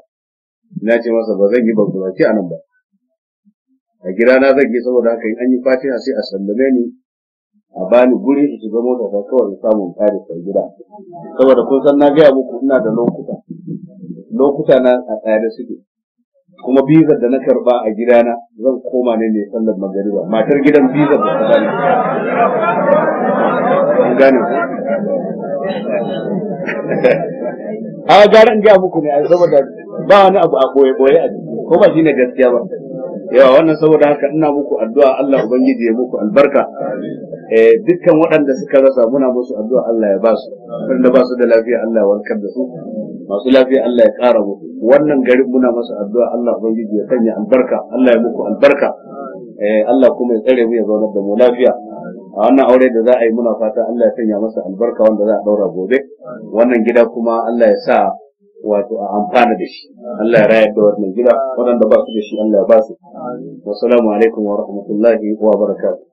na ce masa ba zan yi ba a nan ba a gidana zan yi saboda haka in an yi fatiha sai a sallame ni a bani guri su zama da kawai samun kare sai gida saboda kun san na gaya muku ina da lokuta lokuta na a da suke kuma bizar da na karba a gidana zan koma ne ne sallar magariba matar gidan bizar da ta bani gane a gara in ga muku ne ai saboda ba wani abu a boye boye a ko ba shine gaskiya ba yawa wannan saboda haka ina muku addu'a Allah ubangiji ya muku albarka eh dukkan waɗanda suka rasa muna musu addu'a Allah ya ba su wanda ba su da lafiya Allah ya warkar da su masu lafiya Allah ya kara muku wannan garin muna masa addu'a Allah ubangiji ya sanya albarka Allah ya muku albarka eh Allah kuma ya tsare mu ya zauna da mu lafiya a wannan aure da za a yi muna fata Allah ya sanya masa albarka wanda za a daura gobe wannan gida kuma Allah ya sa wato a amfana da shi Allah ya rayar da wannan gida waɗanda ba su da shi Allah ya ba su wassalamu alaikum wa rahmatullahi wa barakatuh